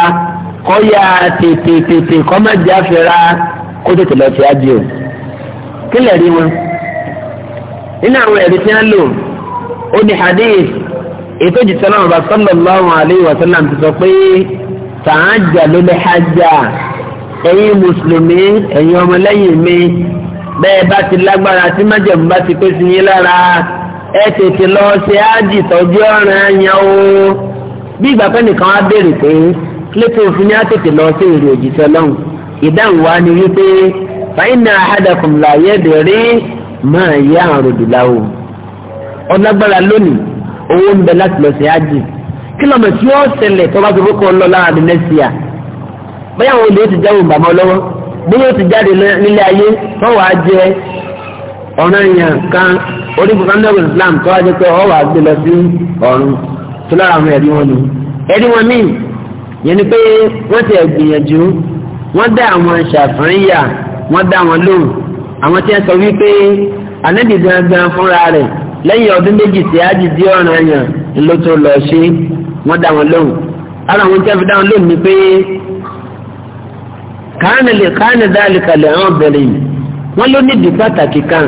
kọ́ ya tètè tètè kọ́ má jáfẹ́ra kó tètè lọ sí ájì o kí lè rí wọn nínú àwọn ẹ̀rí tí wọ́n lò ó ní hadith ètò ìjìṣẹ́ náà bá sallallahu alayhi wa sallam ti sọ pé tààjà ló lè hajjá ẹ̀yin mùsùlùmí ẹ̀yin ọmọlẹ́yìn mi bẹ́ẹ̀ bá ti lágbára tí májèmú bá ti pé yín lára ẹ tètè lọ ṣe ájì tọ́jú ọ̀ràn ẹ̀yàn o bí ìgbà nìkan á béèrè pé lẹ́tọ̀ òfin ni á tètè lọ sí èrè òjìṣẹ́ ìdáhùn wa ni wípé fàyínà àhádàkùn làyè bèrè máa yá àrùn dùláwò ọlágbára lónìí owó ń bẹ láti lọ sí ájì kí lọ́mọ tí ó ṣẹlẹ̀ tó bá ti fọ́kọ́ lọ lára mi lẹ́sìá bóyá àwọn olè ó ti jáwé bàmá lọ́wọ́ bóyá ó ti jáde nílé ayé fọwọ́ á jẹ ọ̀ràn yẹn kan onígun kanáwó Islam tó wájú pé ọwọ́ àgbè lọ sí ọ̀run tó lára àwọn ẹ̀rí wọn ni ẹ̀rí wọn míì yẹn ni pé wọ́n ti ẹ̀ gbìyànjú wọ́n dá àwọn ṣàfihànyà wọ́n dá wọn lóhùn àwọn tí wọ́n sọ wípé ànábì gangan fúnra rẹ̀ lẹ́yìn ọdún méjì tí ájì di ọ̀ràn ẹ̀yàn ló tó lọ ṣe wọ́n dá wọn lóhùn ara àwọn tí wọ́n fi dá wọn lóhùn ni pé káàní lè káàní dáàlì àwọn bẹ̀rẹ̀ wọ́n ló ní ìdí pàtàkì kan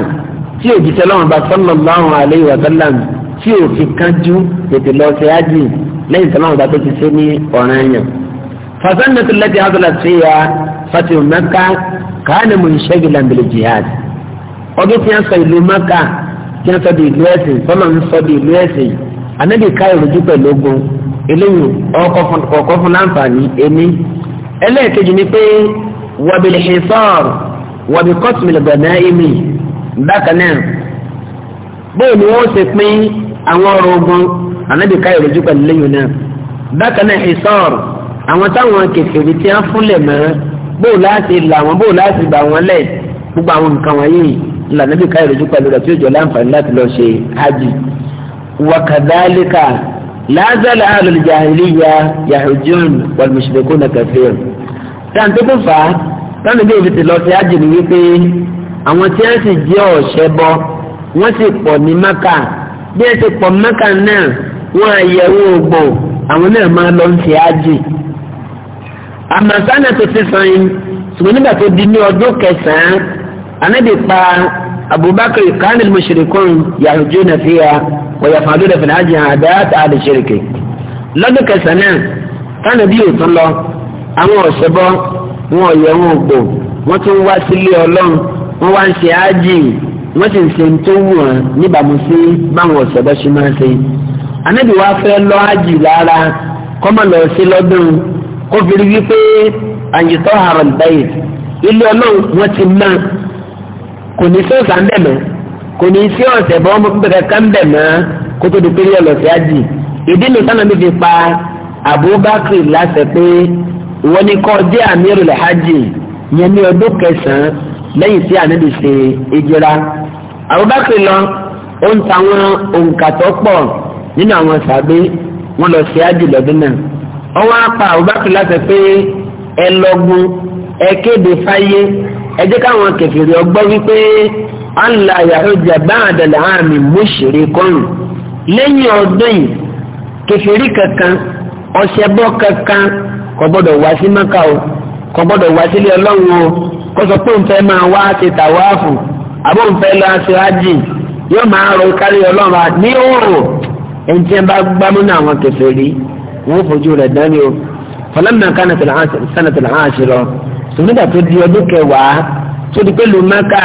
tí òjíṣẹ́ lọ́wọ́n bá sallallahu alaihi wa sallam tí òfin kánjú tètè lọ ṣe ájì lẹ́yìn tí wọ́n bá tó ti ṣe ní ọ̀ràn ẹ̀yàn. فظنت التي حصلت فيها فتح مكة كان منشغلا بالجهاد ọdún tí wọ́n sọ ìlú maka tí wọ́n sọ di ìlú ẹ̀sìn sọ́nà ń sọ di ìlú ẹ̀sìn anábì ká ìròjú pẹ̀lú ogun eléyìí ọkọ̀ fún láǹfààní ẹni ẹlẹ́ẹ̀kejì ni pé wàbìlì hisar wàbí kọ́sìmìlì gbẹ̀mẹ́ ẹ̀mí bákan náà bóyá ni wọ́n ṣe pín àwọn ọ̀rọ̀ ogun anábì ká ìròjú pẹ̀lú lẹ́yìn náà bákan náà hisar àwọn táwọn kèfèrí tí wọ́n fúnlẹ̀ mọ́ bóò láti là wọ́n bóò láti gbà wọ́n lẹ̀ gbogbo àwọn nǹkan wọ̀nyí lànà bí káyọ̀ lójú pẹ̀lú rẹ̀ tí ó jọ láǹfààní láti lọ ṣe hajj wakadálíkà láàzàlà alùjáhìlìyà yahujun wàlùmùsùlùkù nà kẹfìr kò fà á táǹtí bí òfìsì lọ sí hajj ni wípé àwọn tí wọ́n sì jẹ́ ọ̀ṣẹ́ bọ́ wọ́n sì pọ̀ ní mẹ́kà bí ẹ ti pọ̀ mẹ́kà náà wọ́n àyẹ̀wò ògbò àwọn náà máa lọ ń ṣe hajj àmàsánà tó ti sàn yìí ṣùgbọ́n nígbà tó di ní ọdún kẹsàn-án anábì pa abubakar kanil mushrikun yahudu nàfíà wọ̀yàfàdú nàfíà àjẹ́ àdáàtà àdìsírìkì lọ́dún kẹsàn-án tánà bí òtún lọ àwọn ọ̀ṣẹ́bọ wọn ọ̀yẹ́ wọn ògbò wọ́n tún wá sílé ọlọ́run wọ́n wá ń ṣe ájì wọ́n sì ń ṣe tó wù wọ́n níbàámu sí báwọn ọ̀ṣẹ́bọ ṣe máa ṣe anábì wá fẹ́ lọ́ ájì lára kọ́mọ lọ sí lọ́dún kó fi rí wípé àyìntọ́ àrùn báyìí ilé ọlọ́run wọn ti mọ kò ní sí ọ̀sán bẹ̀ mọ́ kò ní sí ọ̀sẹ̀ bọ́ ọmọ pípẹ́ kankan bẹ̀ mọ́ kó tó di pé ilé ọlọ́sẹ̀ á jì ìdí mi sánà mi fi pa Abubakar láṣẹ pé wọ́n ní kọ́ jẹ́ àmírù lẹ́hájì yẹn ní ọdún kẹsàn-án lẹ́yìn tí ànábì ṣe ìjìra Abubakar lọ ó ń ta àwọn òǹkà tó pọ̀ nínú àwọn sàbí wọn lọ sí ájì lọ́dún náà ọwọ́ apá Abubakar láti pé ẹ lọ́gbọ́n ẹ kéde fáyé ẹ jẹ́ káwọn kẹfìrì ọgbọ́ wípé Allah yahuja ba'da al-'ami mushrikun lẹ́yìn ọdún yìí kẹfìrì kankan ọ̀ṣẹ̀bọ kankan kò gbọ́dọ̀ wá sí Maka o kò gbọ́dọ̀ wá o sọ pé òun fẹ́ máa wá ti òun fẹ́ lọ aṣọ yóò máa rọ kárí Ọlọ́run ní òòrùn wọ́n fojú rẹ̀ dání o fọlọ́mọ sanatul ashira sùmídà tó di ọdún kẹwàá tó di pẹ̀lú maka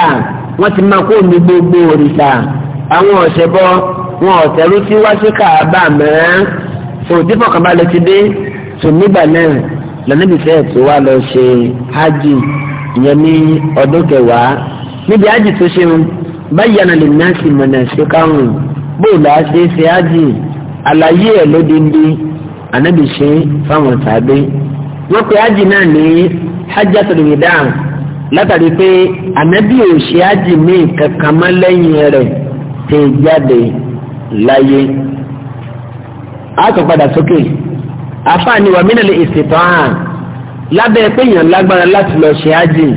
wọ́n ti máa kó omi gbogbo òrìṣà àwọn ọ̀sẹ̀ bọ́ wọn ọ̀tẹ̀rú tí wá sí kàábà mẹ́rin òtí fọkànbalẹ̀ ti dé sùmídà náà lọ́nàbìsẹ́ tó wá lọ ṣe hajj ìyẹn ní ọdún kẹwàá níbi hajj tó ṣe báyìí àná náà sì mọ̀nà sí káwọn bóòlù àṣẹ ṣe hajj àlàyé ẹ̀ lódindi anabi ṣe fáwọn tàbí wọ́n pe ájì náà ní hajjatul wida látàrí pé anabi ò ṣe ájì míì kankan mọ́ lẹ́yìn rẹ̀ tẹ̀ jáde láyé àtọ̀ padà sókè àfààní wà mínàlè ìsìtàn án lábẹ́ pé èèyàn lágbára láti lọ ṣe ájì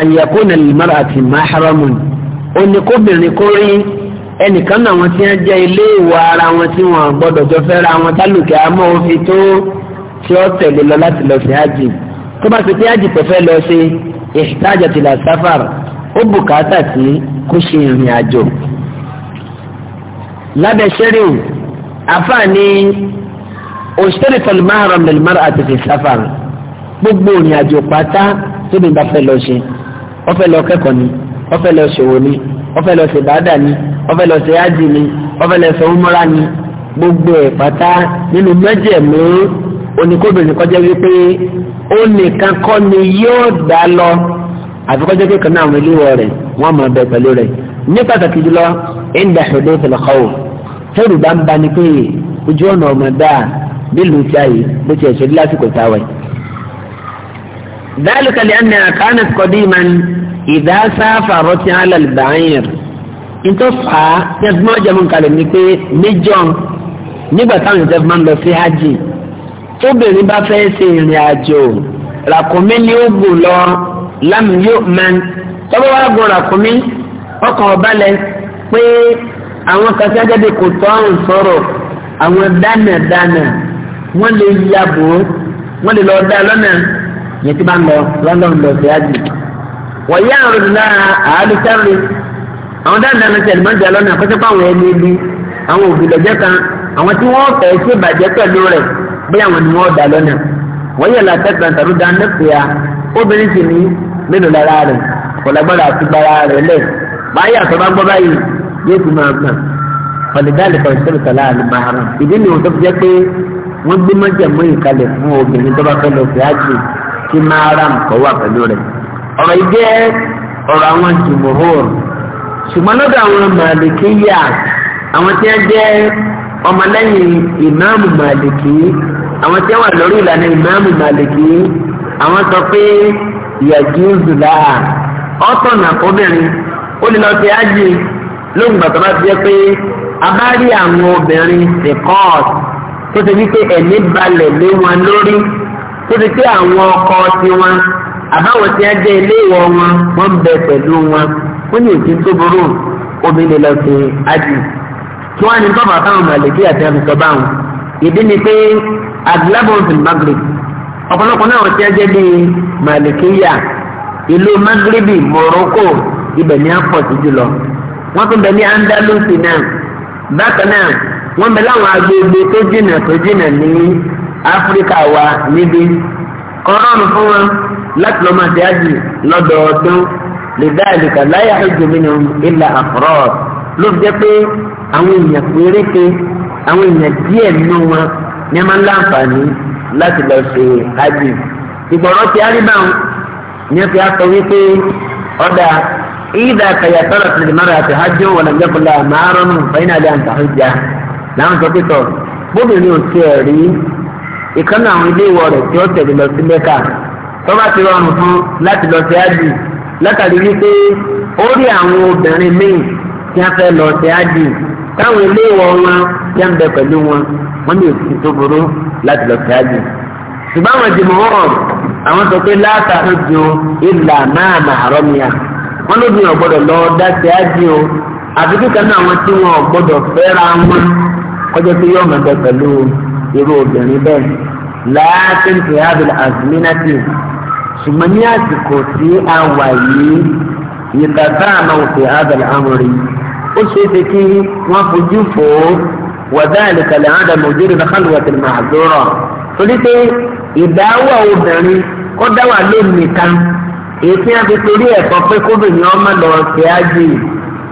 àyẹ̀kọ́ nàlè mara àti maharamun ó ní kóbìnrin kó rí ẹnìkan náà wọn ti ń jẹ ilé ìwà ara wọn tí wọn gbọ́dọ̀ jọ fẹ́ ra wọn tálùkẹ àmọ́ òfin tó tí ó tẹ̀lé lọ láti lọ sí hajj tó bá ti pé hajj tó fẹ́ lọ sí ìṣìtájà tìlà sáfàr ó bùkátà sí kó ṣe ìrìn àjò. lábẹ́ sẹ́ríù àfààní òṣèré tọ́lùmáàrà mẹ́lìmáàrà àti fi sáfàr gbogbo ìrìn àjò pátá tó bá fẹ́ lọ ṣe ó fẹ́ lọ kẹ́kọ̀ọ́ ni ó fẹ́ lọ ṣòwò ni ó fẹ́ lọ ṣèbádà ni ọfẹ́ lọ sí ájì ni ọfẹ́ lọ sí ọmọra ni gbogbo ẹ̀ pátá nínú mẹ́jẹ̀mú oníkóbìnrin kọjá wípé ó nìkan kọ́ ni yóò dá lọ àfi kọjá kékeré náà àwọn ilé rẹ̀ wọ́n máa bẹ pẹ̀lú rẹ̀ ní pàtàkì jùlọ ẹ̀ńdà ṣòdó ìfẹ̀lẹ̀kọ́wò tẹ́rù bá ń bani pé ojú ọ̀nà ọmọ dáa nílùú tí a yìí bó ti ẹ̀ṣẹ̀ lásìkò táwọn. ذلك لأنها كانت قديما إذا سافرت nítorí fà á tẹ́fúmọ́ jẹ́mu kalẹ̀ ni pé níjọ́ nígbà táwọn tẹ́fúmọ́ ń lọ sí hajj tóbìnrin bá fẹ́ ṣe ìrìn àjò ràkúnmí ni ó gùn lọ lámì yóò mẹ́n tọ́gbọ́n wá gùn ràkúnmí ọkàn ọ̀balẹ̀ pé àwọn kàṣẹ́ gẹ́gẹ́ kò tọ́ ọ̀hún sọ̀rọ̀ àwọn dánadáná wọ́n lè yàgò wọ́n lè lọ dá lọ́nà yẹn tí bá ń lọ lọ́nà ń hajj wọ́n àrùn náà àádọ́sẹ́rin àwọn dáadáa náà tẹ̀lé mọ́jà lọ́nà àkọ́sẹ́ fáwọn ẹni ibi àwọn òbílẹ̀jẹ́ kan àwọn tí wọ́n fẹ́ ṣe bàjẹ́ pẹ̀lú rẹ̀ bí àwọn ni wọ́n dà lọ́nà wọ́n yẹ̀ látẹ́kàn tàbí dáa nẹ́pẹ̀yà obìnrin sì ní mélòó lára rẹ̀ kọ̀lágbọ́dọ̀ àti gbára rẹ̀ lẹ̀ báyà tó bá gbọ́ báyìí yóò ti máa gbà ọ̀lẹ́dàlì kan ìṣẹ́lẹ̀ tàlá àlùmáhàrà ìdí ni òun tó fi jẹ́ pé wọ́n gbé mọ́jàmú ìkalẹ̀ fún obìnrin tó bá fẹ́ lọ sí ájì ọ̀rọ̀ yìí jẹ́ ọ̀rọ̀ àwọn jùmọ̀hóòrùn ṣùgbọ́n lọ́dọ̀ àwọn màlìkíyà àwọn tí wọ́n jẹ́ ọmọlẹ́yìn ìmáàmù màlìkí àwọn tí wọ́n wà lórí ìlànà ìmáàmù màlìkí àwọn sọ pé ìyàjú zùlá ọ̀tọ̀nà obìnrin ó lè lọ sí ájì lóhùn gbàtọ́ bá ti jẹ́ pé a bá rí àwọn obìnrin ṣèkọ́ọ̀tì tó ti wípé ẹ̀mí balẹ̀ lé wọn lórí tó ti pé àwọn ọkọ tiwọn àbáwọn tí wọ́n jẹ́ ilé ìwọ wọn wọ́n bẹ pẹ̀lú wọn wọ́n ní èsì tó burú omi lè lọ sí ájì tí wọ́n á ní bọ́ọ̀mù àtàwọn màlẹ́kí àti àmìsọ báwọn ìdí ni pé adilabon fi magrib ọ̀pọ̀lọpọ̀ náà wọ́n ti á jẹ́ bíi màlẹ́kíyà ìlú magribi Morocco ibẹ̀ ní apọ̀tì jùlọ wọ́n tún bẹ ní Andalusi náà bákan náà wọ́n bẹ láwọn agbègbè tó jìnà tó jìnà ní Áfíríkà wa níbí kọ́rọ́ọ̀nù fún wọn láti lọ́ọ́ máa ti ájì lọ́dọọdún lidhalika la yahujju minhum illa afrad ló fi jẹ́ pé àwọn èèyàn péréte àwọn èèyàn díẹ̀ nínú wọn ní máa ń láǹfààní láti lọ ṣe hajj ìgbọ̀rọ̀ ti àríbáwọn ní ọ̀pẹ́ àtọ̀ wípé ọ̀dà ìdá kayatara ti mara àti hajj wọn lọ jẹ́kọ̀ọ́ àmàárọ̀nù fẹ́yìn àlẹ́ àǹtà hujja láwọn sọ pé tọ̀ bóbi ni ò tiẹ̀ rí ìkànnì àwọn ilé ìwọ rẹ̀ tí ó tẹ̀lé lọ sí mẹ́kà tọ́ba ti rọrùn fún láti lọ sí hajj látàrí wípé ó rí àwọn obìnrin míì tí wọ́n fẹ́ lọ sí ájì táwọn iléèwọ̀ wọn tí wọ́n bẹ pẹ̀lú wọn wọ́n ní òsì tó burú láti lọ sí ájì. ṣùgbọ́n àwọn ìdìbò wọ́n àwọn sọ pé látàrí ju ìlà máa mà àárọ̀ mi à wọ́n gbọ́dọ̀ lọ dá sí o àfi kíkan náà tí wọn gbọ́dọ̀ fẹ́ra wọn kọjá pẹ̀lú ṣùgbọ́n ní àsìkò tí a wà yìí yìtàtà àmàwò fi àdàlẹ̀ àmọ̀rí ó ṣe é ṣe kí wọ́n fojú fò ó wàdà àlìkàlẹ̀ àdàmọ̀ òjòrò náà kálùwàtì màdúrà torí pé ìdáwà obìnrin kó dáwà lónìí kan èyí tí wọ́n fi torí ẹ̀kọ́ pé kóbìnrin ọmọ lọ sí ájì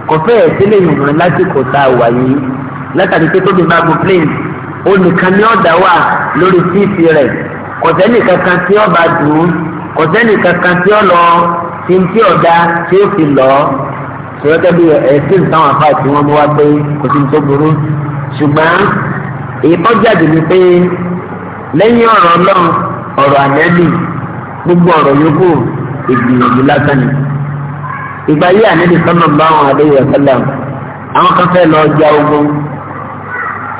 kò fẹ́ẹ̀ sílẹ̀ ìrìn lásìkò tá a wà yìí látàrí pé tóbi bá gun plane ó nìkan ọ̀dà wà lórí tíìtì rẹ̀ kọ̀tẹ́nì kankan tí ọba dùn ún ọ̀sẹ́ni kankan tí ó lọ tí ń tí ọ̀dá tí ó fi lọ sọ̀rọ̀kẹ́ bí ẹ̀sìn táwọn afá tí wọ́n mú wá pé kò sí tó burú ṣùgbọ́n ìbọ́jáde ni pé lẹ́yìn ọ̀rọ̀ ọlọ́run ọ̀rọ̀ ànẹ́bì gbogbo ọ̀rọ̀ yòókù ìgbìyànjú lásán ni ìgbà yìí ànẹ́bì sọ́nà bá àwọn àdéhùn ọ̀sẹ́lẹ̀ àwọn kan fẹ́ lọ ja ogun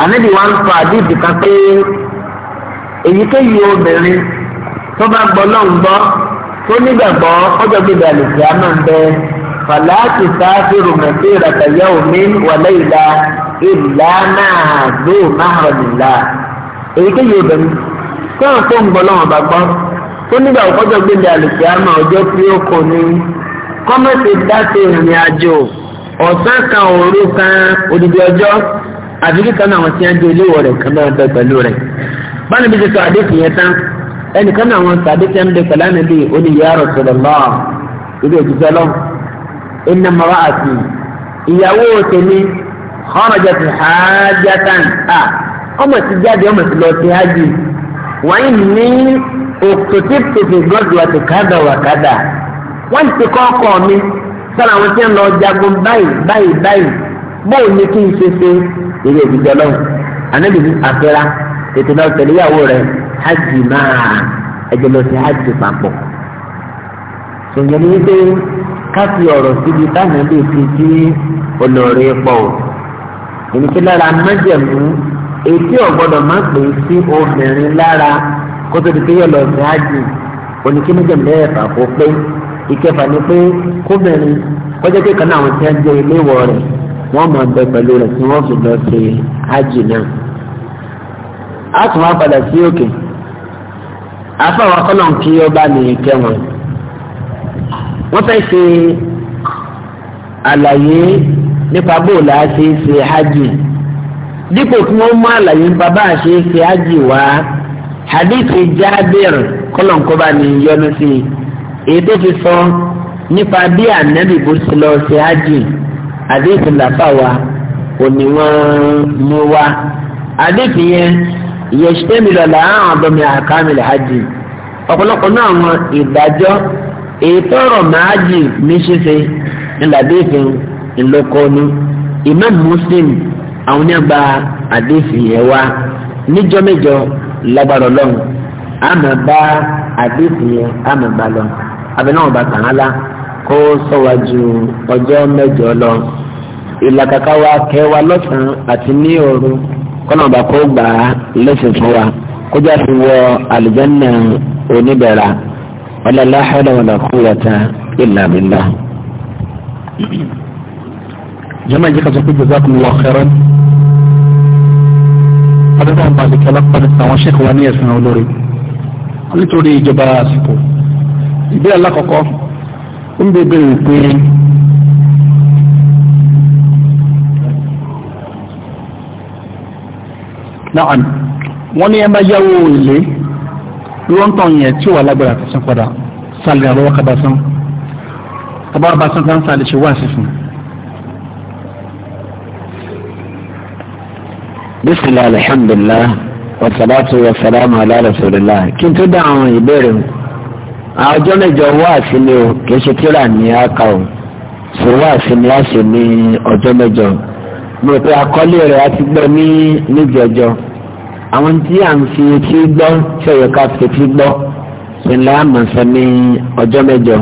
ànẹ́bì wa ń sọ àdéhùn kan pé èyíkéyìí obìnrin tó bá gbọ́ lọ́n gbọ́ tó nígbàgbọ́ ọjọ́ gbígbà lè fi àmà ń bẹ fàlàtì sáfìrù mẹ́tì ìràtàyà wàlẹ́ ìlà ìlà náà ló máa nìlà èyíkéyìí obìnrin tó ń gbọ́ lọ́wọ́ bá gbọ́ tó nígbà ọjọ́ gbígbà lè fi àmà ọjọ́ tí ó dáṣe ìrìn àjò ọ̀sán kan òru kan odidi ọjọ́ àbíkí kan náà wọ́n ti ń ẹnìkan náà wọn sàdé tẹ́ ń bẹ pẹ̀lú ànábì oníyà Rasulullah ìdí òjijì lọ iná mọ́ra àti ìyàwó tèmi ọ̀rọ̀jà ti hájà tán à ọmọ ti jáde ọmọ ti lọ sí hájì wọ́n ní òkùtì tètè gọ́dùwà tó kádà wà kádà wọ́n ti kọ́ mi sọ́nà àwọn tí ń lọ jagun báyìí báyìí báyìí bóun ni kí n ṣe ṣe ìdí òjijì lọ ànábì hajj máa ẹjẹ lọ sí hajj papọ̀ ṣùgbọ́n ní pé ká fi ọ̀rọ̀ síbi táwọn lè fi sí olóore pọ̀ ìníkí lára májẹ̀mú ètí ọ̀gbọ́dọ̀ má pè é sí obìnrin lára kó tó di pé yóò lọ sí hajj oníkí méjèèjì lẹ́ẹ̀fà kó pé ìkẹfà ni pé kóbìnrin kọjá pé kan àwọn tí wọ́n jẹ́ ilé wọ̀ rẹ̀ wọ́n máa bẹ pẹ̀lú rẹ̀ tí wọ́n fi lọ sí hajj náà. a tún wá padà sí òkè. Okay àfa àwọn akọ́nà kí ọba lè kẹ́ wọn. wọ́n fẹ́ ṣe àlàyé nípa bóòlù àti ṣe hajj dípò kí wọ́n mú àlàyé nípa bá a ṣe ṣe hajj wá hadithi Jabir kọ́lọ̀nkọ́ba ni yọnu sí i èyí tó fi sọ nípa bí ànábì bó ti lọ ṣe hajj hadithi làfà wa òní wọ́n mú wa hadithi yẹn yẹ̀sítẹ́mìlọ̀ làwọn àbọ̀mì àkàmìlì hajj ọ̀pọ̀lọpọ̀ náà àwọn ìdájọ́ ètò ọ̀rọ̀ màájì ní ṣíṣe ńlábẹ́fẹ̀ ńlọkọ́ni Imam Muslim àwọn onígbà àdéfì yẹn wá níjọ́ mẹ́jọ lágbára ọlọ́run àmọ́ bá àdéfì yẹn àmọ́ bá lọ abẹ́nà ọba kàńlá kó sọ́wájú ọjọ́ mẹ́jọ lọ ìlàkàkà wa kẹwàá lọ́sàn-án àti ní òru kọ́nà ọba kó gbà á lẹ́sìn fún wa kó jẹ́ fi wọ àlùjànnà oníbẹ̀rà ọ̀làlá hawla wala quwwata illa billah. jama'a jẹ́ ká sọ pé jazakumullahu khairan ọdún àwọn balùkẹ́ lápapọ̀ àwọn sẹ́kọ̀ wa ní ẹ̀sìn olórí nítorí ìjọba àsìkò ìbéèrè alákọ̀ọ́kọ́ ń bèbèrè pé náà wọ́n ní ẹmbá yáwó ilé lọ́ntàn yẹn tí wà lágbára ti san padà sálẹ̀ àlọ́wọ́ kaba san ọba ọba san kan sálẹ̀ ṣe wá sí fún bísílẹ̀ alhamdulillah wasalatu wasalamu ala rasulillah kí n tó dá àwọn ìbéèrè mu àjọ mẹ́jọ wá sílé o kì í ṣe tíra ní aka o sì wá sílé a sì ní ọjọ́ mẹ́jọ mo rò pé rẹ̀ a ti gbọ́ ní níjẹjọ àwọn tí à ń fi etí gbọ́ tí ọ̀yọ́ ká fi etí gbọ́ ìlà àmọ̀sẹ̀ ní ọjọ́ mẹ́jọ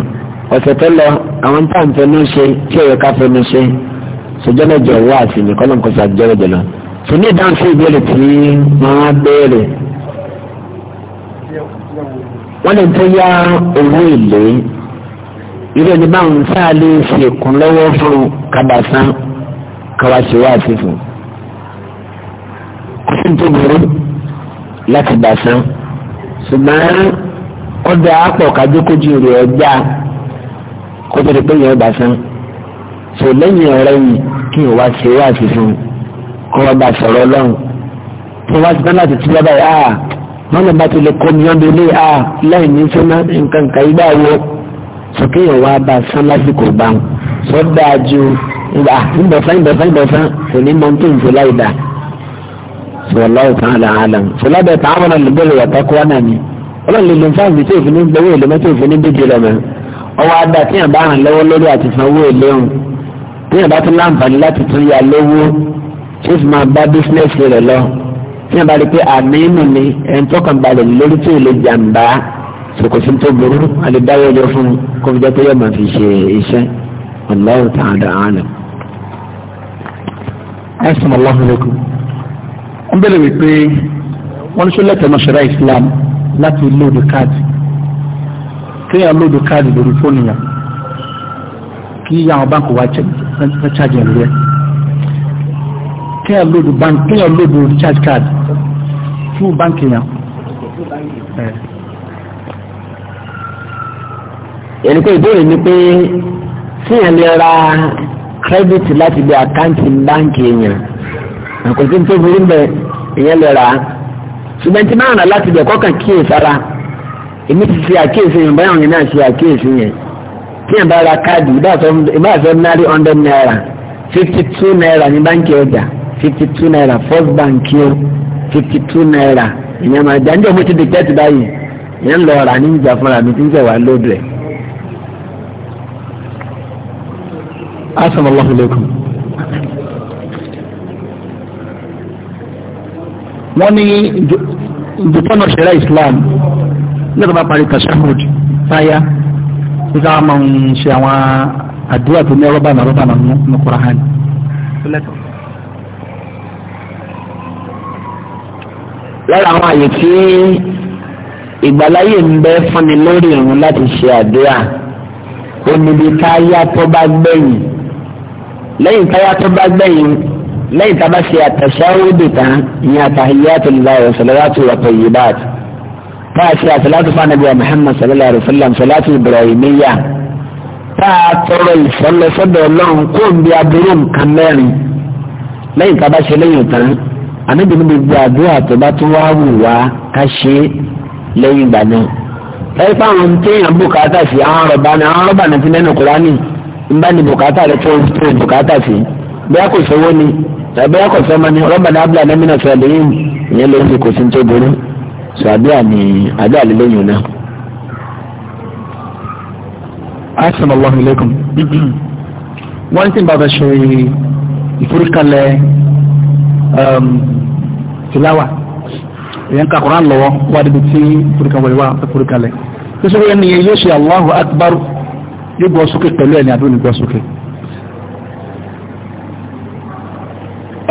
ọ̀sẹ̀ tó lọ àwọn tí à ń fẹnu ṣe tí ọ̀yọ́ ká fẹnu ṣe ṣọjọ́ mẹ́jọ wá sí ní kọ́lọ̀ nǹkan ṣàjọ́ mẹ́jọ lọ. tó ní ìdáhùn sí ìbéèrè tí wọ́n béèrè wọ́n lè tó yá owó ìlé irú ẹni báwọn sáà lè ṣe ìkúnlọ́wọ́ fún kábàásán káwáṣe wá sí fún un sí tó burú láti gbà san ṣùgbọ́n ọdẹ àpọ̀ kájókòjì rẹ̀ ọjà kó tó di pé yẹn gbà san ṣò lẹ́yìn ọ̀rẹ́ yìí kí n wá ṣe wá sí fún un kó wá bá sọ̀rọ̀ ọlọ́run tó wá sí náà láti tú lọ́ba yìí áà ah, wọ́n lè bá ti lè kó mi ọ́dún ilé áà ah, lẹ́yìn ní sọ́nà nǹkan kan igbá wo sókè yẹn wá bá san lásìkò gbà wọn sọ́dáa ìgbà ìbọ̀sán ah, ìbọ̀sán ìbọ̀sán kò ní mọ́ tó ń fò láì dáa wallahu ta'ala alam fúlàbẹ̀ tààmù náà lùbẹ̀rẹ̀ yàtọ̀ kọ́ náà ni ọlọ́run lè lo fáàsì tí òfin ní gbowó èlé mẹ́tò òfin ní bíjì lọ́mọ ọwọ́ adá tí yàn bá hàn lọ́wọ́ lórí àti sanwó èlé hàn tí yàn bá tún láǹfààní láti tún yà lówó tí ó fi máa bá bísínẹ́sì rẹ̀ lọ tí yàn bá rí pé àmì inú ni ẹ̀ńtọ́kàn balẹ̀ lórí tí ò jàǹbá sokosi tó burú alidáwọ ọjọ fún kọfíjà yẹ ń bẹ̀rẹ̀ wípé wọ́n ní sọ lẹ́tọ̀ọ́ náà ṣẹ̀dá Islam láti lóòdù káàdì kéèyàn lóòdù káàdì lórí fóònù yẹn kí àwọn báńkì wá chájì ẹ̀rọ rẹ̀ kéèyàn lóòdù báńkì kéèyàn lóòdù chájì káàdì fún báńkì yẹn. ẹni pé ìbéèrè ni pé fíyàn lè ra kírẹ́dìtì láti bí àkáǹtì báńkì yẹn àkọsí tó burú bẹ́ẹ̀ ìyẹn lè rà á ṣùgbọ́n tí máa rà láti bẹ̀ kọ́kàn kíyèsára èmi ti ṣe àkíyèsí yẹn báyọ̀ yẹn náà ṣe àkíyèsí yẹn tí yẹn bá ra káàdì ìbáṣọ náírà hundred naira fifty two naira ní báńkì ọjà fifty two naira first bank yẹn fifty two naira ìyẹn máa jà níjọ́ mo ti di tẹ́tì báyìí ìyẹn lọ rà ní ìjà fúnra mi tí ń sẹ̀wá lóde rẹ̀. Assalamu wọ́n ní ìdìtọ́nà ṣẹlá Islam lẹ́tọ̀ bá parí tashahud táyà nígbà wọn máa ń ṣe àwọn àdúrà tó ní rọ́bà náà rọ́bà náà nínú Kùránì. lára àwọn àyè tí ìgbàláyè ń bẹ fúnni lórí ìrun láti ṣe àdúrà ó níbi táyà tó bá gbẹ̀yìn lẹ́yìn táyà tó bá gbẹ̀yìn lẹ́yìn tá a bá ṣe àtẹ̀sáwódì tán ní àtàhíyàtul láhi wa salawatu wa tayyibat tá a ṣe àṣàlátù fanabi Muhammad sallallahu alayhi wa sallam salatu ibrahimiyya tá a tọrọ ìfọlọsọdọ Ọlọ́run kó n bí aburú nǹkan mẹ́rin lẹ́yìn tá a bá ṣe lẹ́yìn tán ànábi níbi gbogbo àdúrà tó bá tún wá wù wá ká ṣe lẹ́yìn ìgbà náà lẹ́yìn fáwọn téèyàn bùkátà sí àwọn rọ̀bà ní tàbí ọkọ̀ sọ́mọ ni rọ́bàdà abúlé anamínà sọ̀dẹ̀yìn ìyẹn ló ń fi kò sí tó borí sọ àdúrà ní àdúrà lélẹ́yìn náà. assalamu alaikum wọ́n ti ń bàbá ṣe ìforíkalẹ̀ um, tìláwà ìyẹn ka Qur'an lọ́wọ́ wà níbi tí ìforíkalẹ̀ wà ìforíkalẹ̀ tó sọ wọ́n ni yóò ṣe Allahu akbar yóò gbọ́ sókè pẹ̀lú ẹ̀ ní àdúrà ní gbọ́ sókè.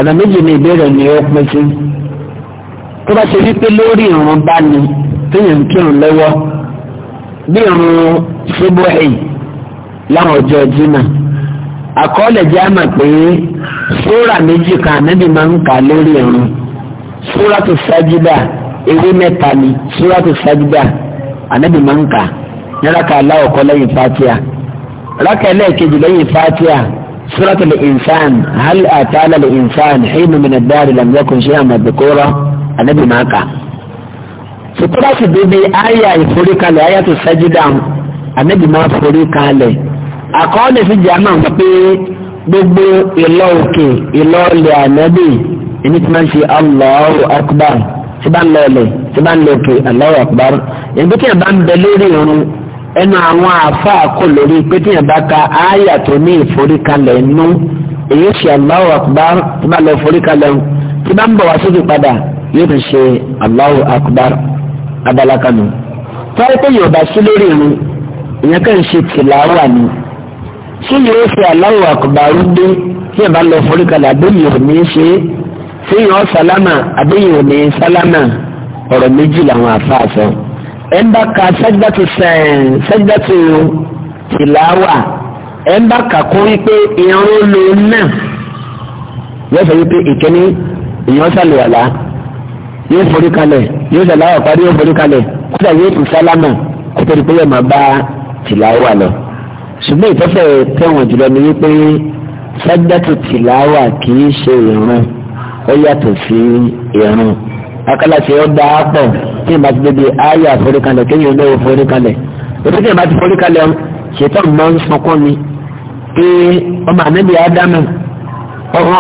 ọ̀nà méjì ni ìbéèrè ni ó pín sí tó bá ṣe wípé lórí ìrun bá ní téèyàn ń kírun lọ́wọ́ bí ìrun ṣubúhì láwọn ọjọ́ jimá àkọọ́lẹ̀ jẹ́ àmà pé súrà méjì kan ànábì máa ń kà lórí ìrun súrà tó sájídà ewé mẹ́ta ni súrà tó sájídà ànábì máa ń kà ní rákà aláwọ̀kọ́ lẹ́yìn fátíà rákà ẹlẹ́ẹ̀kejì lẹ́yìn fátíà. سورة الإنسان هل أتى للإنسان حين من الدار لم يكن شيئا مذكورا النبي معك سورة سبيبي آية يفوريك لآية السجدة النبي ما فوريك عليه أقول في جامعة فبي بب ìlọ òkè ìlọ إن ànábì الله أكبر máa ń ṣe Allahu الله أكبر bá ń lọ ọlẹ ẹnu àwọn àáfàá kò lórí pé tí bá ka àáyà tó ní ìforíkalẹ̀ nú èyí ṣe Allahu akbar tó bá lọ ìforíkalẹ̀ ń tí bá ń bọ̀ wá sókè padà yóò tún ṣe akbar kanu. tọ́lá pé yóò bá sí lórí irun ìyẹn kàn ṣe tìláwà ni tí yóò ṣe Allahu akbar dé tí bá lọ ìforíkalẹ̀ àbẹ́yìn ò ní ṣe é tí yóò sálámà àbẹ́yìn ò ní sálámà ọ̀rọ̀ méjì làwọn àáfàá sọ. ẹnba ka sẹjidatu sẹn sẹjidatu tìláwà ẹnba ka kó wípé irun ló náà yóò sọ wípé ìkíní ìyọ́n sàlùwàlá yóò forí kalẹ̀ yóò sàlùwàlá parí yóò forí kalẹ̀ kódà yóò tún sálámà kótó ìpè yẹn máa bá tìláwà lọ ṣùgbọ́n ìtọ́fẹ́ tẹ̀wọ̀n jùlọ ni wípé sẹjidatu tìláwà kì í ṣe irun ó yàtọ̀ sí irun akálàṣe ọgbà pọ̀ tí ìbá ti débi ayé àforíkalẹ̀ kéyìn olówó foríkalẹ̀ òtún tí ìbá ti foríkalẹ̀ ṣètò mọ́ ń sunkún ni pé ọmọ ànábì ádámù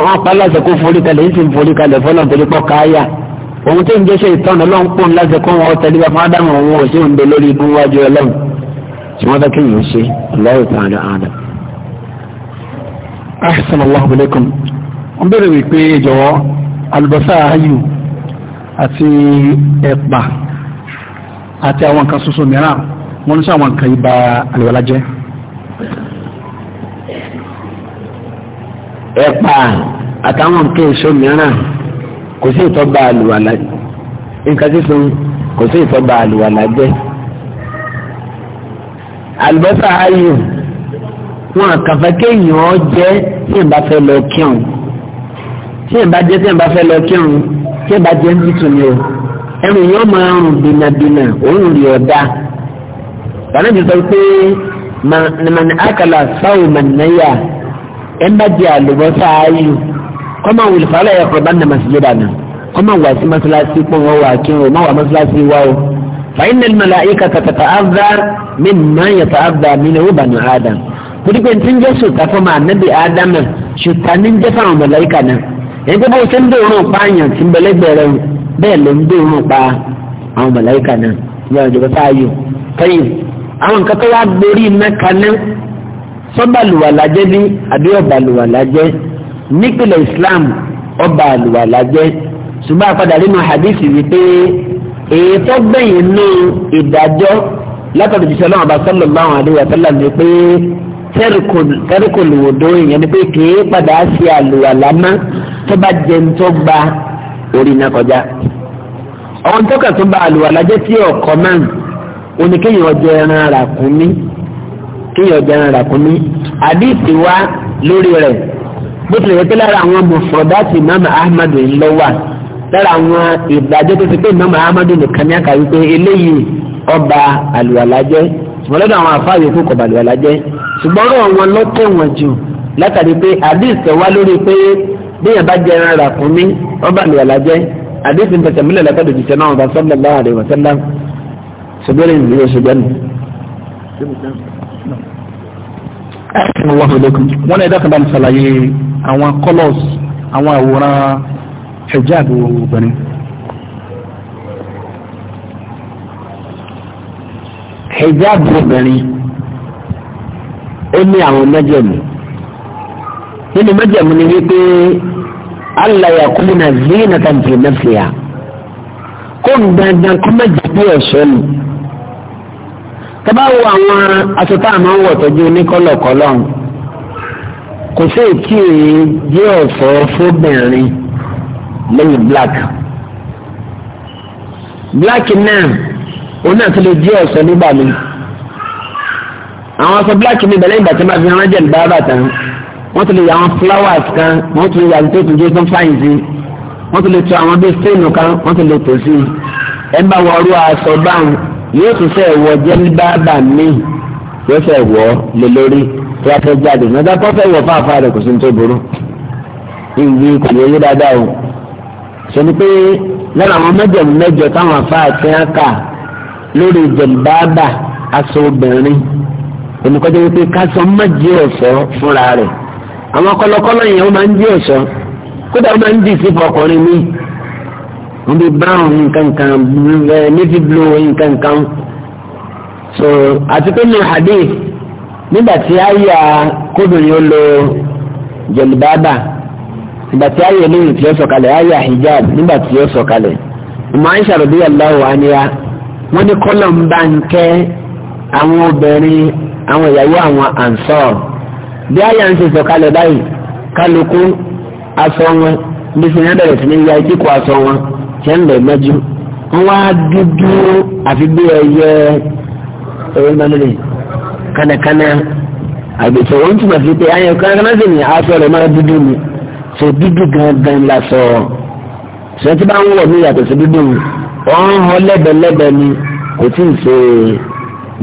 wọn pa láṣẹ kó foríkalẹ̀ ń sì ń foríkalẹ̀ fọlọ́n torí pọ̀ káyà òun tí ń jẹ́ ṣe ìtọ́nà ọlọ́run pọ̀ láṣẹ kó wọn tẹ̀lé bá fún ádámù òun ò sí òun dé lórí ibú wájú ọlọ́run tí wọ́n fẹ́ kéyìn ṣe ọlọ́run tàn án àti ẹ̀pà àti àwọn nǹkan soso mìíràn wọ́n ní sọ àwọn nǹkan ibà àlùwàlá jẹ́. ẹ̀pà àtàwọn nǹkan èso mìíràn kò sí ìtọ́ba àlùwàlá nǹkan sísun kò sí ìtọ́ba àlùwàlá jẹ́. àlùbọ́sà ayò wọn àkàfẹ́ kéèyàn jẹ́ tí ìbá fẹ́ lọ kírun tí ìbá jẹ́ tí ìbá fẹ́ lọ kírun tí ẹ bá jẹ́ ń tutù ni o ẹnu yẹn máa ń rùn dínàdínà òórùn rí ọ̀dà bàbá mi sọ pé màmí àkàlà sáwù màníyà ẹ bá jẹ àlùbọ́sà ayù kọ́mà wùlù fàlẹ́ ẹ̀kọ́ bá nà màsílẹ̀ dànù kọ́mà wà sí màsálásí pọ̀ wọ́n wà kí wọ́n má wà màsálásí wá o fàyín nà màláìkà tàtàtà àvá mi má yàtà àvá mi nà ó bà nù ádàm kúndínpẹ̀ ntí ń jẹ́ sùtà fún mà ànábì ẹgbẹ́ bó ṣe ń dòrùn pa àyàn tí ń bẹ lẹ́gbẹ̀ẹ́ rẹ̀ bẹ́ẹ̀ ló ń dòrùn pa àwọn màláíkà náà ní ọjọ́ bá fáyò tẹ́yìn àwọn nǹkan tó wá gborí mẹ́kaná sọ́ba lùwàlájẹ́ ní àbí ọ̀bà lùwàlájẹ́ nípìnlẹ̀ Islam ọba lùwàlájẹ́ ṣùgbọ́n àpadà nínú hadisi wípé èyí tó gbẹ̀yìn nú ìdájọ́ látọ̀dọ̀ jíṣẹ́ ọlọ́run àbá sọ́lọ̀ bá àwọn àdéhùn àtọ́lá ní pé tẹ́rìkò lùwòdó ìyẹn ni pé kì í padà ṣe àlùwàlá náà tó bá jẹ ń tó gba orí náà kọjá ọ̀hún tó kà tó bá àlùwàlá jẹ́ tí ọ̀kọ́ máa ń oní kéèyàn jẹ ẹran ràkúnmí kéèyàn jẹ ẹran ràkúnmí àdìsí wa lórí rẹ̀ bó tilẹ̀ yẹ pé lára àwọn mọ̀fọ́dáàtì mama ahmadu ńlọ́wà lára àwọn ìdájọ́ tó ti pé mama ahmadu nìkan ní àkàwé pé eléyìí ọba àlùwàlá jẹ́ ìmọ̀lẹ́dọ̀ àwọn afá yòókù kọ̀ bàlùwàlá jẹ́ ṣùgbọ́n ọ̀rọ̀ wọn lọ́tẹ̀wọ̀n jù látàrí pé àdìsí wa lórí pé bíyàn bá jẹ ẹran rà fún mi wọn bá lè alájẹ àdéhùn tẹsán mílẹ̀ látọ̀dọ̀ jíjẹ náà ọ̀gá sọ́dọ̀ lọ́wọ́ àdéhùn sọ́dọ̀ ṣùgbọ́n ní ìlú ṣùgbọ́n ní. wọ́n ní ẹ̀dá kan bá mi ṣàlàyé àwọn colours àwọn àwòrán hijab obìnrin. hijab obìnrin ó ní àwọn mẹ́jẹ̀mú nínú mẹ́jẹ̀mú ni wípé alàyà kúlù náà zina tàn fi nàfìyà kó n dandan kó má jẹ bí ẹ̀ṣọ́ ni. tábà wo àwọn aṣọ tá a máa ń wọ̀ tọ́jú oníkọ́lọ̀kọ́lọ̀ kò sí èkì jẹ́ ọ̀ṣọ́ fóbìnrin lẹ́yìn black. black náà òun náà tó lè jẹ́ ọ̀ṣọ́ nígbà mi. àwọn aṣọ black mi bẹ̀rẹ̀ ìgbà tí wọ́n bá fi ránjẹ́ ìgbà bàtà hàn wọ́n ti lè yà flowers kan wọ́n ti lè yà tó tún jẹ́ tó ń fàyìn wọ́n ti lè tún àwọn bíi fíìmù kan wọ́n ti lè tò sí i ẹ bá wọ ọrú aṣọ báwọn yóò tún fẹ́ wọ jẹ́líbáàbà míì yóò fẹ́ wọ lé lórí tí a fẹ́ jáde nígbà tó fẹ́ wọ fáfá rẹ̀ kò sí ní tó burú ìwé kò lè yé dáadáa o ṣe ni pé lára àwọn mẹ́jọ mẹ́jọ táwọn afáà ti ń kà lórí jẹ̀líbáàbà aṣọ obìnrin èmi kọjá wípé ká sọ mọ́jì ọ̀fọ́ fúnra rẹ̀ àwọn kọ̀lọ̀kọ̀lọ̀ yẹn wọ́n máa ń jí ẹ̀ṣọ́ kódà wọ́n máa ń dìísí fọkùnrin mi wọ́n bí brown nkankan navy blue nkankan so àti pé ní hadith nígbà tí a kóbìnrin ó lo jẹlibaba nígbà tí hijab nígbà tí ó ní bá bí àyà ń ṣe sọ̀kalẹ̀ báyìí kálukú aṣọ wọn bí sinmi bẹ̀rẹ̀ sí ní ya ìdíkù aṣọ wọn ṣẹ́ ń lọ mẹ́jú wọ́n wá dúdú àfi bí ẹyẹ ẹ̀rọ ìgbàlódé kánakáná àgbẹ̀tọ̀ wọ́n túmọ̀ sí pé àyà kánakáná sì ní aṣọ rẹ̀ máa dúdú ni ṣe dúdú gangan la sọ ṣe tí bá ń wọ̀ ní yàtọ̀ sí dúdú wọ́n ń hàn lẹ́bẹ̀lẹ́bẹ̀ ni kò tí ì ṣe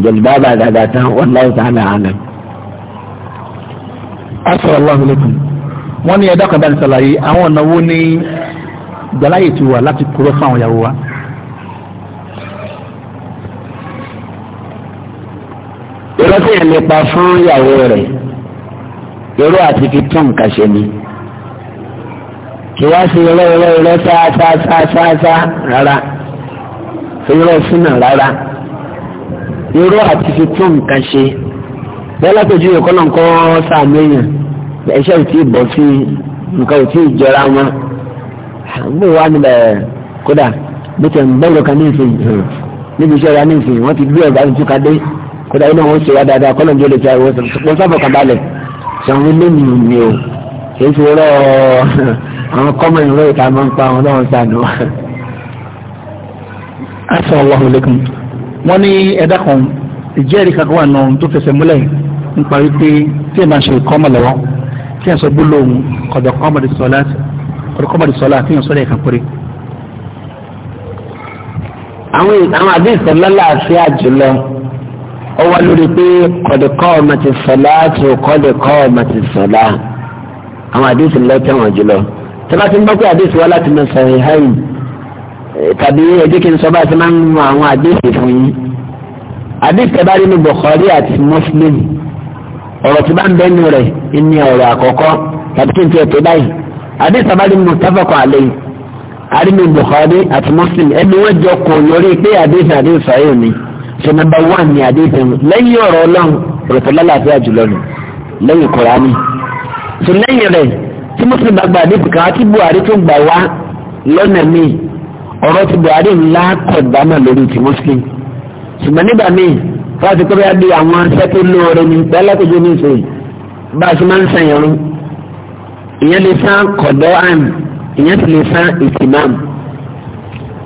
jẹ̀lúbá bàgàgà tán wọ́n láì sáà asalaamaaleykum alaikum wọ́n ní ẹ̀dá kan bá ní sàlàyé àwọn ọ̀nà wo ni gbàláyè ti wà láti kúrò fún àwọn ìyàwó wa. ìrọ́sí yẹn nípa fún ìyàwó rẹ̀ irú àti fi tún nǹkan ṣe ni kí wá sí irọ́ irọ́ irọ́ sáásáásáásá rárá irọ́ sínú rárá irú àti fi tún nǹkan ṣe bẹ́ẹ̀ látọ̀jú ẹ̀kọ́ náà kọ́ sáàmì èèyàn iṣẹ́ ò tí ì bọ̀ sí nǹkan ò tí ì jọra wọn àgbò wa níbẹ̀ kódà bí tẹ̀ ń bẹ́ẹ̀ lọ́ka ní ìsìn níbi iṣẹ́ ra ní ìsìn wọ́n ti gbé ọ̀gá tuntun kadé kódà iná wọn ṣe wá dáadáa kọ́nà bí ó lè ṣe àìwọ́ sọ̀rọ̀ sábà kan balẹ̀ sọ̀rọ̀ ilé mi ni o kì í ṣe rọ àwọn kọ́mọ̀ ìrọ̀ ìta máa ń pa àwọn náà sànù. Assalamu alaikum wọ́n ní ẹ̀dá kan ìjẹ́rìí kankan wà náà tó fẹsẹ̀ múlẹ̀ nípa wípé tí ẹ máa ṣe ìkọ́mọ̀ lọ́wọ́ tí ẹ sọ gbólóhùn kọ̀dọ̀ kọ́mọ̀dé sọlá kọ̀dọ̀ kọ́mọ̀dé sọlá tí ẹ sọ lẹ́ẹ̀kan péré. àwọn àwọn àdéhùn lálàáfíà jùlọ ó wá lórí pé kọ̀dọ̀ kọ́mọ̀dé sọlá tó kọ́dọ̀ kọ́mọ̀dé sọlá àwọn àdéhùn lọ́tẹ̀ wọn jùlọ tí wọ́n ti ń bọ́ pé àdéhùn wá láti mọ sàhìháìn tàbí ẹjẹ́ kí n sọ bá ti máa ń mọ àwọn àdéhùn fún yín àdéhùn tẹ́ Muslim ọ̀rọ̀ tí bá ń bẹ́nu rẹ̀ ní ọ̀rọ̀ àkọ́kọ́ tàbí kí n tiẹ̀ tó báyìí àdéhùn abáyé mustapha alayhi arínú bukhari àti muslim ẹni wọ́n jọ kò lórí pé àdéhùn àdéhùn sàáyò ni ṣe nàmbà wán ní àdéhùn lẹ́yìn ọ̀rọ̀ ọlọ́run rẹ̀tọ́lá láti àjùlọ nù lẹ́yìn kùránì tó lẹ́yìn rẹ̀ tí muslim bá gba àdéhùn kan àti buhari tó gbà wá lọ́nà míì ọ̀rọ̀ ti buhari ńlá kọ̀ dáná lórí ti muslim ṣùgbọ́n nígbà míì wọ́n ti kó bẹ́ẹ̀ bí àwọn aṣẹ́ tó lóore ní pẹ́lẹ́kùjú ní ìṣòyí bá a ṣe máa ń san ìrun ìyẹn lè san kọ̀dọ́ àn ìyẹn sì lè san ìtìmáàmù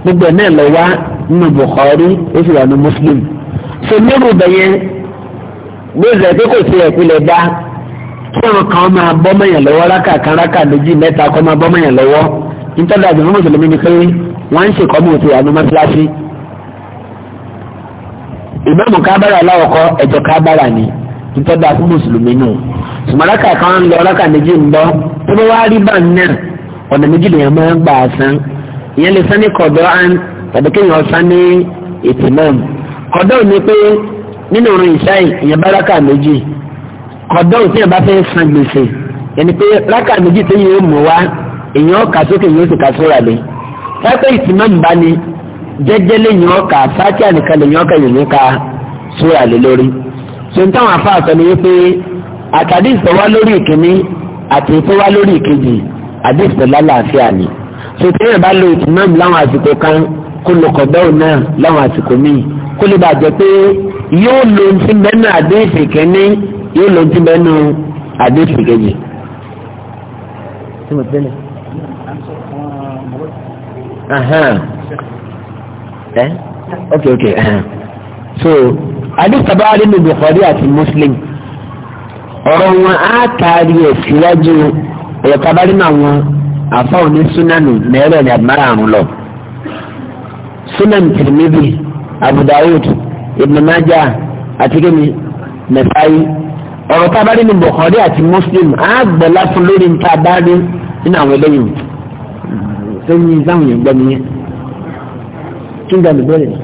gbogbo náà lọ wá nínú Bukhari ó sì wà ní Muslim so nírú bẹ̀yẹn gbèsè pé kò sí ẹ̀pìlẹ̀ dá kí àwọn kan máa bọ́ mọ̀yàn lọ́wọ́ rákàkà rákà méjì mẹ́ta kọ́ máa bọ́ mọ̀yàn lọ́wọ́ nítorí àjùmọ̀ mùsùlùmí ni pé wọ́n ń ṣèkọ́ mọ̀ sí àánú mọ́ṣáláṣí ìmáàmù kábàrà láwọ̀kọ́ ẹ̀jọ̀ kábàrà ni ntọ́da fún mùsùlùmí nù sùmọ́láka kan ń lọ ọlọ́ka méjì ń bọ́ tó bá wá rí bá náà ọ̀nà méjì lèèyàn máa ń gbà á san ìyẹn lè san ní kọ̀dọ̀ án tàbí kéèyàn san ní ètò náà kọ̀dọ̀ ni pé nínú òrùn ìṣáì ìyẹn bá ráka méjì kọ̀dọ̀ tí yẹn bá fẹ́ san gbèsè yẹn ni pé ráka méjì tó yẹ mú wá èèyàn kà sókè yóò sì kà sóra lé jẹjẹlẹ yìí wọn kà fatiha nìkan lè yìí wọn kà yìí nìka sóyà lé lórí sèǹtà wọn afa àtọ ni wípé àtàdé ìsọwá lórí ìkíní àti ìsọwá lórí ìkejì àdé ìsọlá làáfíà ni sèǹtà yẹn bá lo ìtìmọ́m láwọn àsìkò kan kó lo kọ̀dọ́ọ̀ náà láwọn àsìkò míì kó lè bàjẹ́ pé yóò lo ti bẹ́nu àdé ìsìkíní yóò lo ti bẹ́nu àdé ìsìkejì. Ahan ẹ eh? ok ok so adisaba alinu bukhari àti muslim ọ̀rọ̀ wọn á taari ẹ̀ síwájú ọ̀rọ̀ tabari náà wọn afa òní sunanu mẹ́rẹ̀ ní abimara àrùn lọ sunan tirmidhi abu dawud ibn majah àti kemi nasai ọ̀rọ̀ tabari ní bukhari àti muslim á gbọ́lá fún lórí ntabari nínú àwọn eléyìí sẹ́yìn sáwọn yẹn gbọ́ tún gbàgbé bẹ́ẹ̀ ni.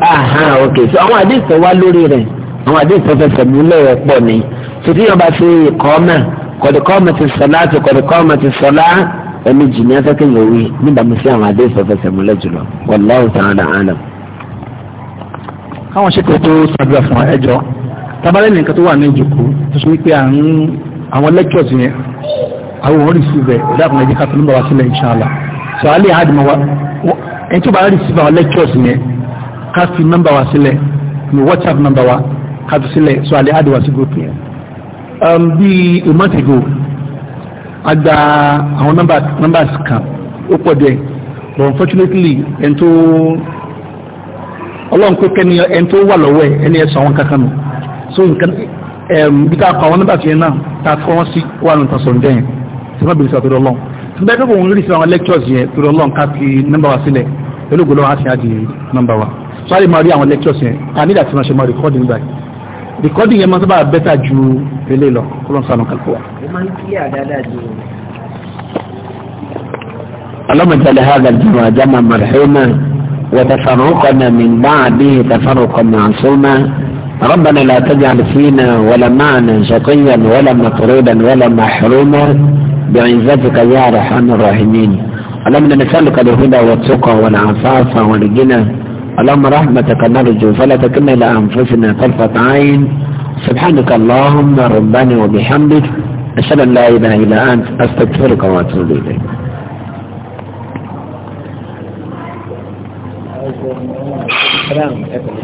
aha ok so àwọn àdéhùn wá lórí rẹ̀ àwọn àdéhùn fẹsẹ̀ múlẹ̀ rẹ̀ pọ̀ ni títí yóò bá ṣe ìkọ́mẹ̀ kọ̀dùkọ́mẹ̀ ti sọ̀lá àti kọ̀dùkọ́mẹ̀ ti sọ̀lá ẹni jì ní afẹ́kẹ́ yẹn wí níbàámu sí àwọn àdéhùn fẹsẹ̀ múlẹ̀ jùlọ wallahu ta'ala alam. káwọn ṣètò tó sàbíà fún ẹjọ́ tabalẹ́ nìkan tó wà ní ìjòkó tó ṣe wípé àwọn lectures yẹn àwọn oríṣi rẹ̀ ìdáàbò ẹ̀jẹ̀ ká sọ̀hálì àdìmọ̀ wa ẹni tó bá rí sí àwọn lectures yẹn ká fi nọ́mbà wa sílẹ̀ ní whatsapp nọ́mbà wa ká fi sílẹ̀ sọ̀hálì àdìwà sí group yẹn. Um, bí a month ago a gba àwọn numbers kan ó pọ̀ díẹ̀ but unfortunately ẹni tó ọlọ́run pé kẹ́ni ẹni tó wà lọ́wọ́ ẹ̀ ẹni ẹ̀sọ̀ àwọn kankan nù so nǹkan um, bí ká kọ àwọn numbers yẹn náà tá a kọ́ wọn sí wà lóun tàn sọ̀rọ̀ jẹ́yìn tí wọ́n bèrè sí bẹ́ẹ̀ tó kò rí sí àwọn lectures yẹn torí ọlọ́run ká fi nọ́mbà wa sílẹ̀ olóògbòlò wa ṣe àdì nọ́mbà wa sáré máa rí àwọn lectures yẹn a nílẹ̀ àti ránṣẹ́ máa rìkọ́dì nígbà yìí rìkọ́dì yẹn máa sábà bẹ́tà ju ilé lọ kọ́lọ́n sànù kálukú wa. اللهم اجعل هذا الجمع جمعا مرحوما وتفرقنا من بعده تفرقا معصوما ربنا لا تجعل فينا ولا معنا شقيا ولا مطرودا ولا محروما بعزتك يا أرحم الراحمين اللهم نسألك الهدى والتقى والعفاف والغنى اللهم رحمتك نرجو فلا تكلنا إلى أنفسنا طرفة عين سبحانك اللهم ربنا وبحمدك أشهد أن لا إله إلا أنت أستغفرك وأتوب إليك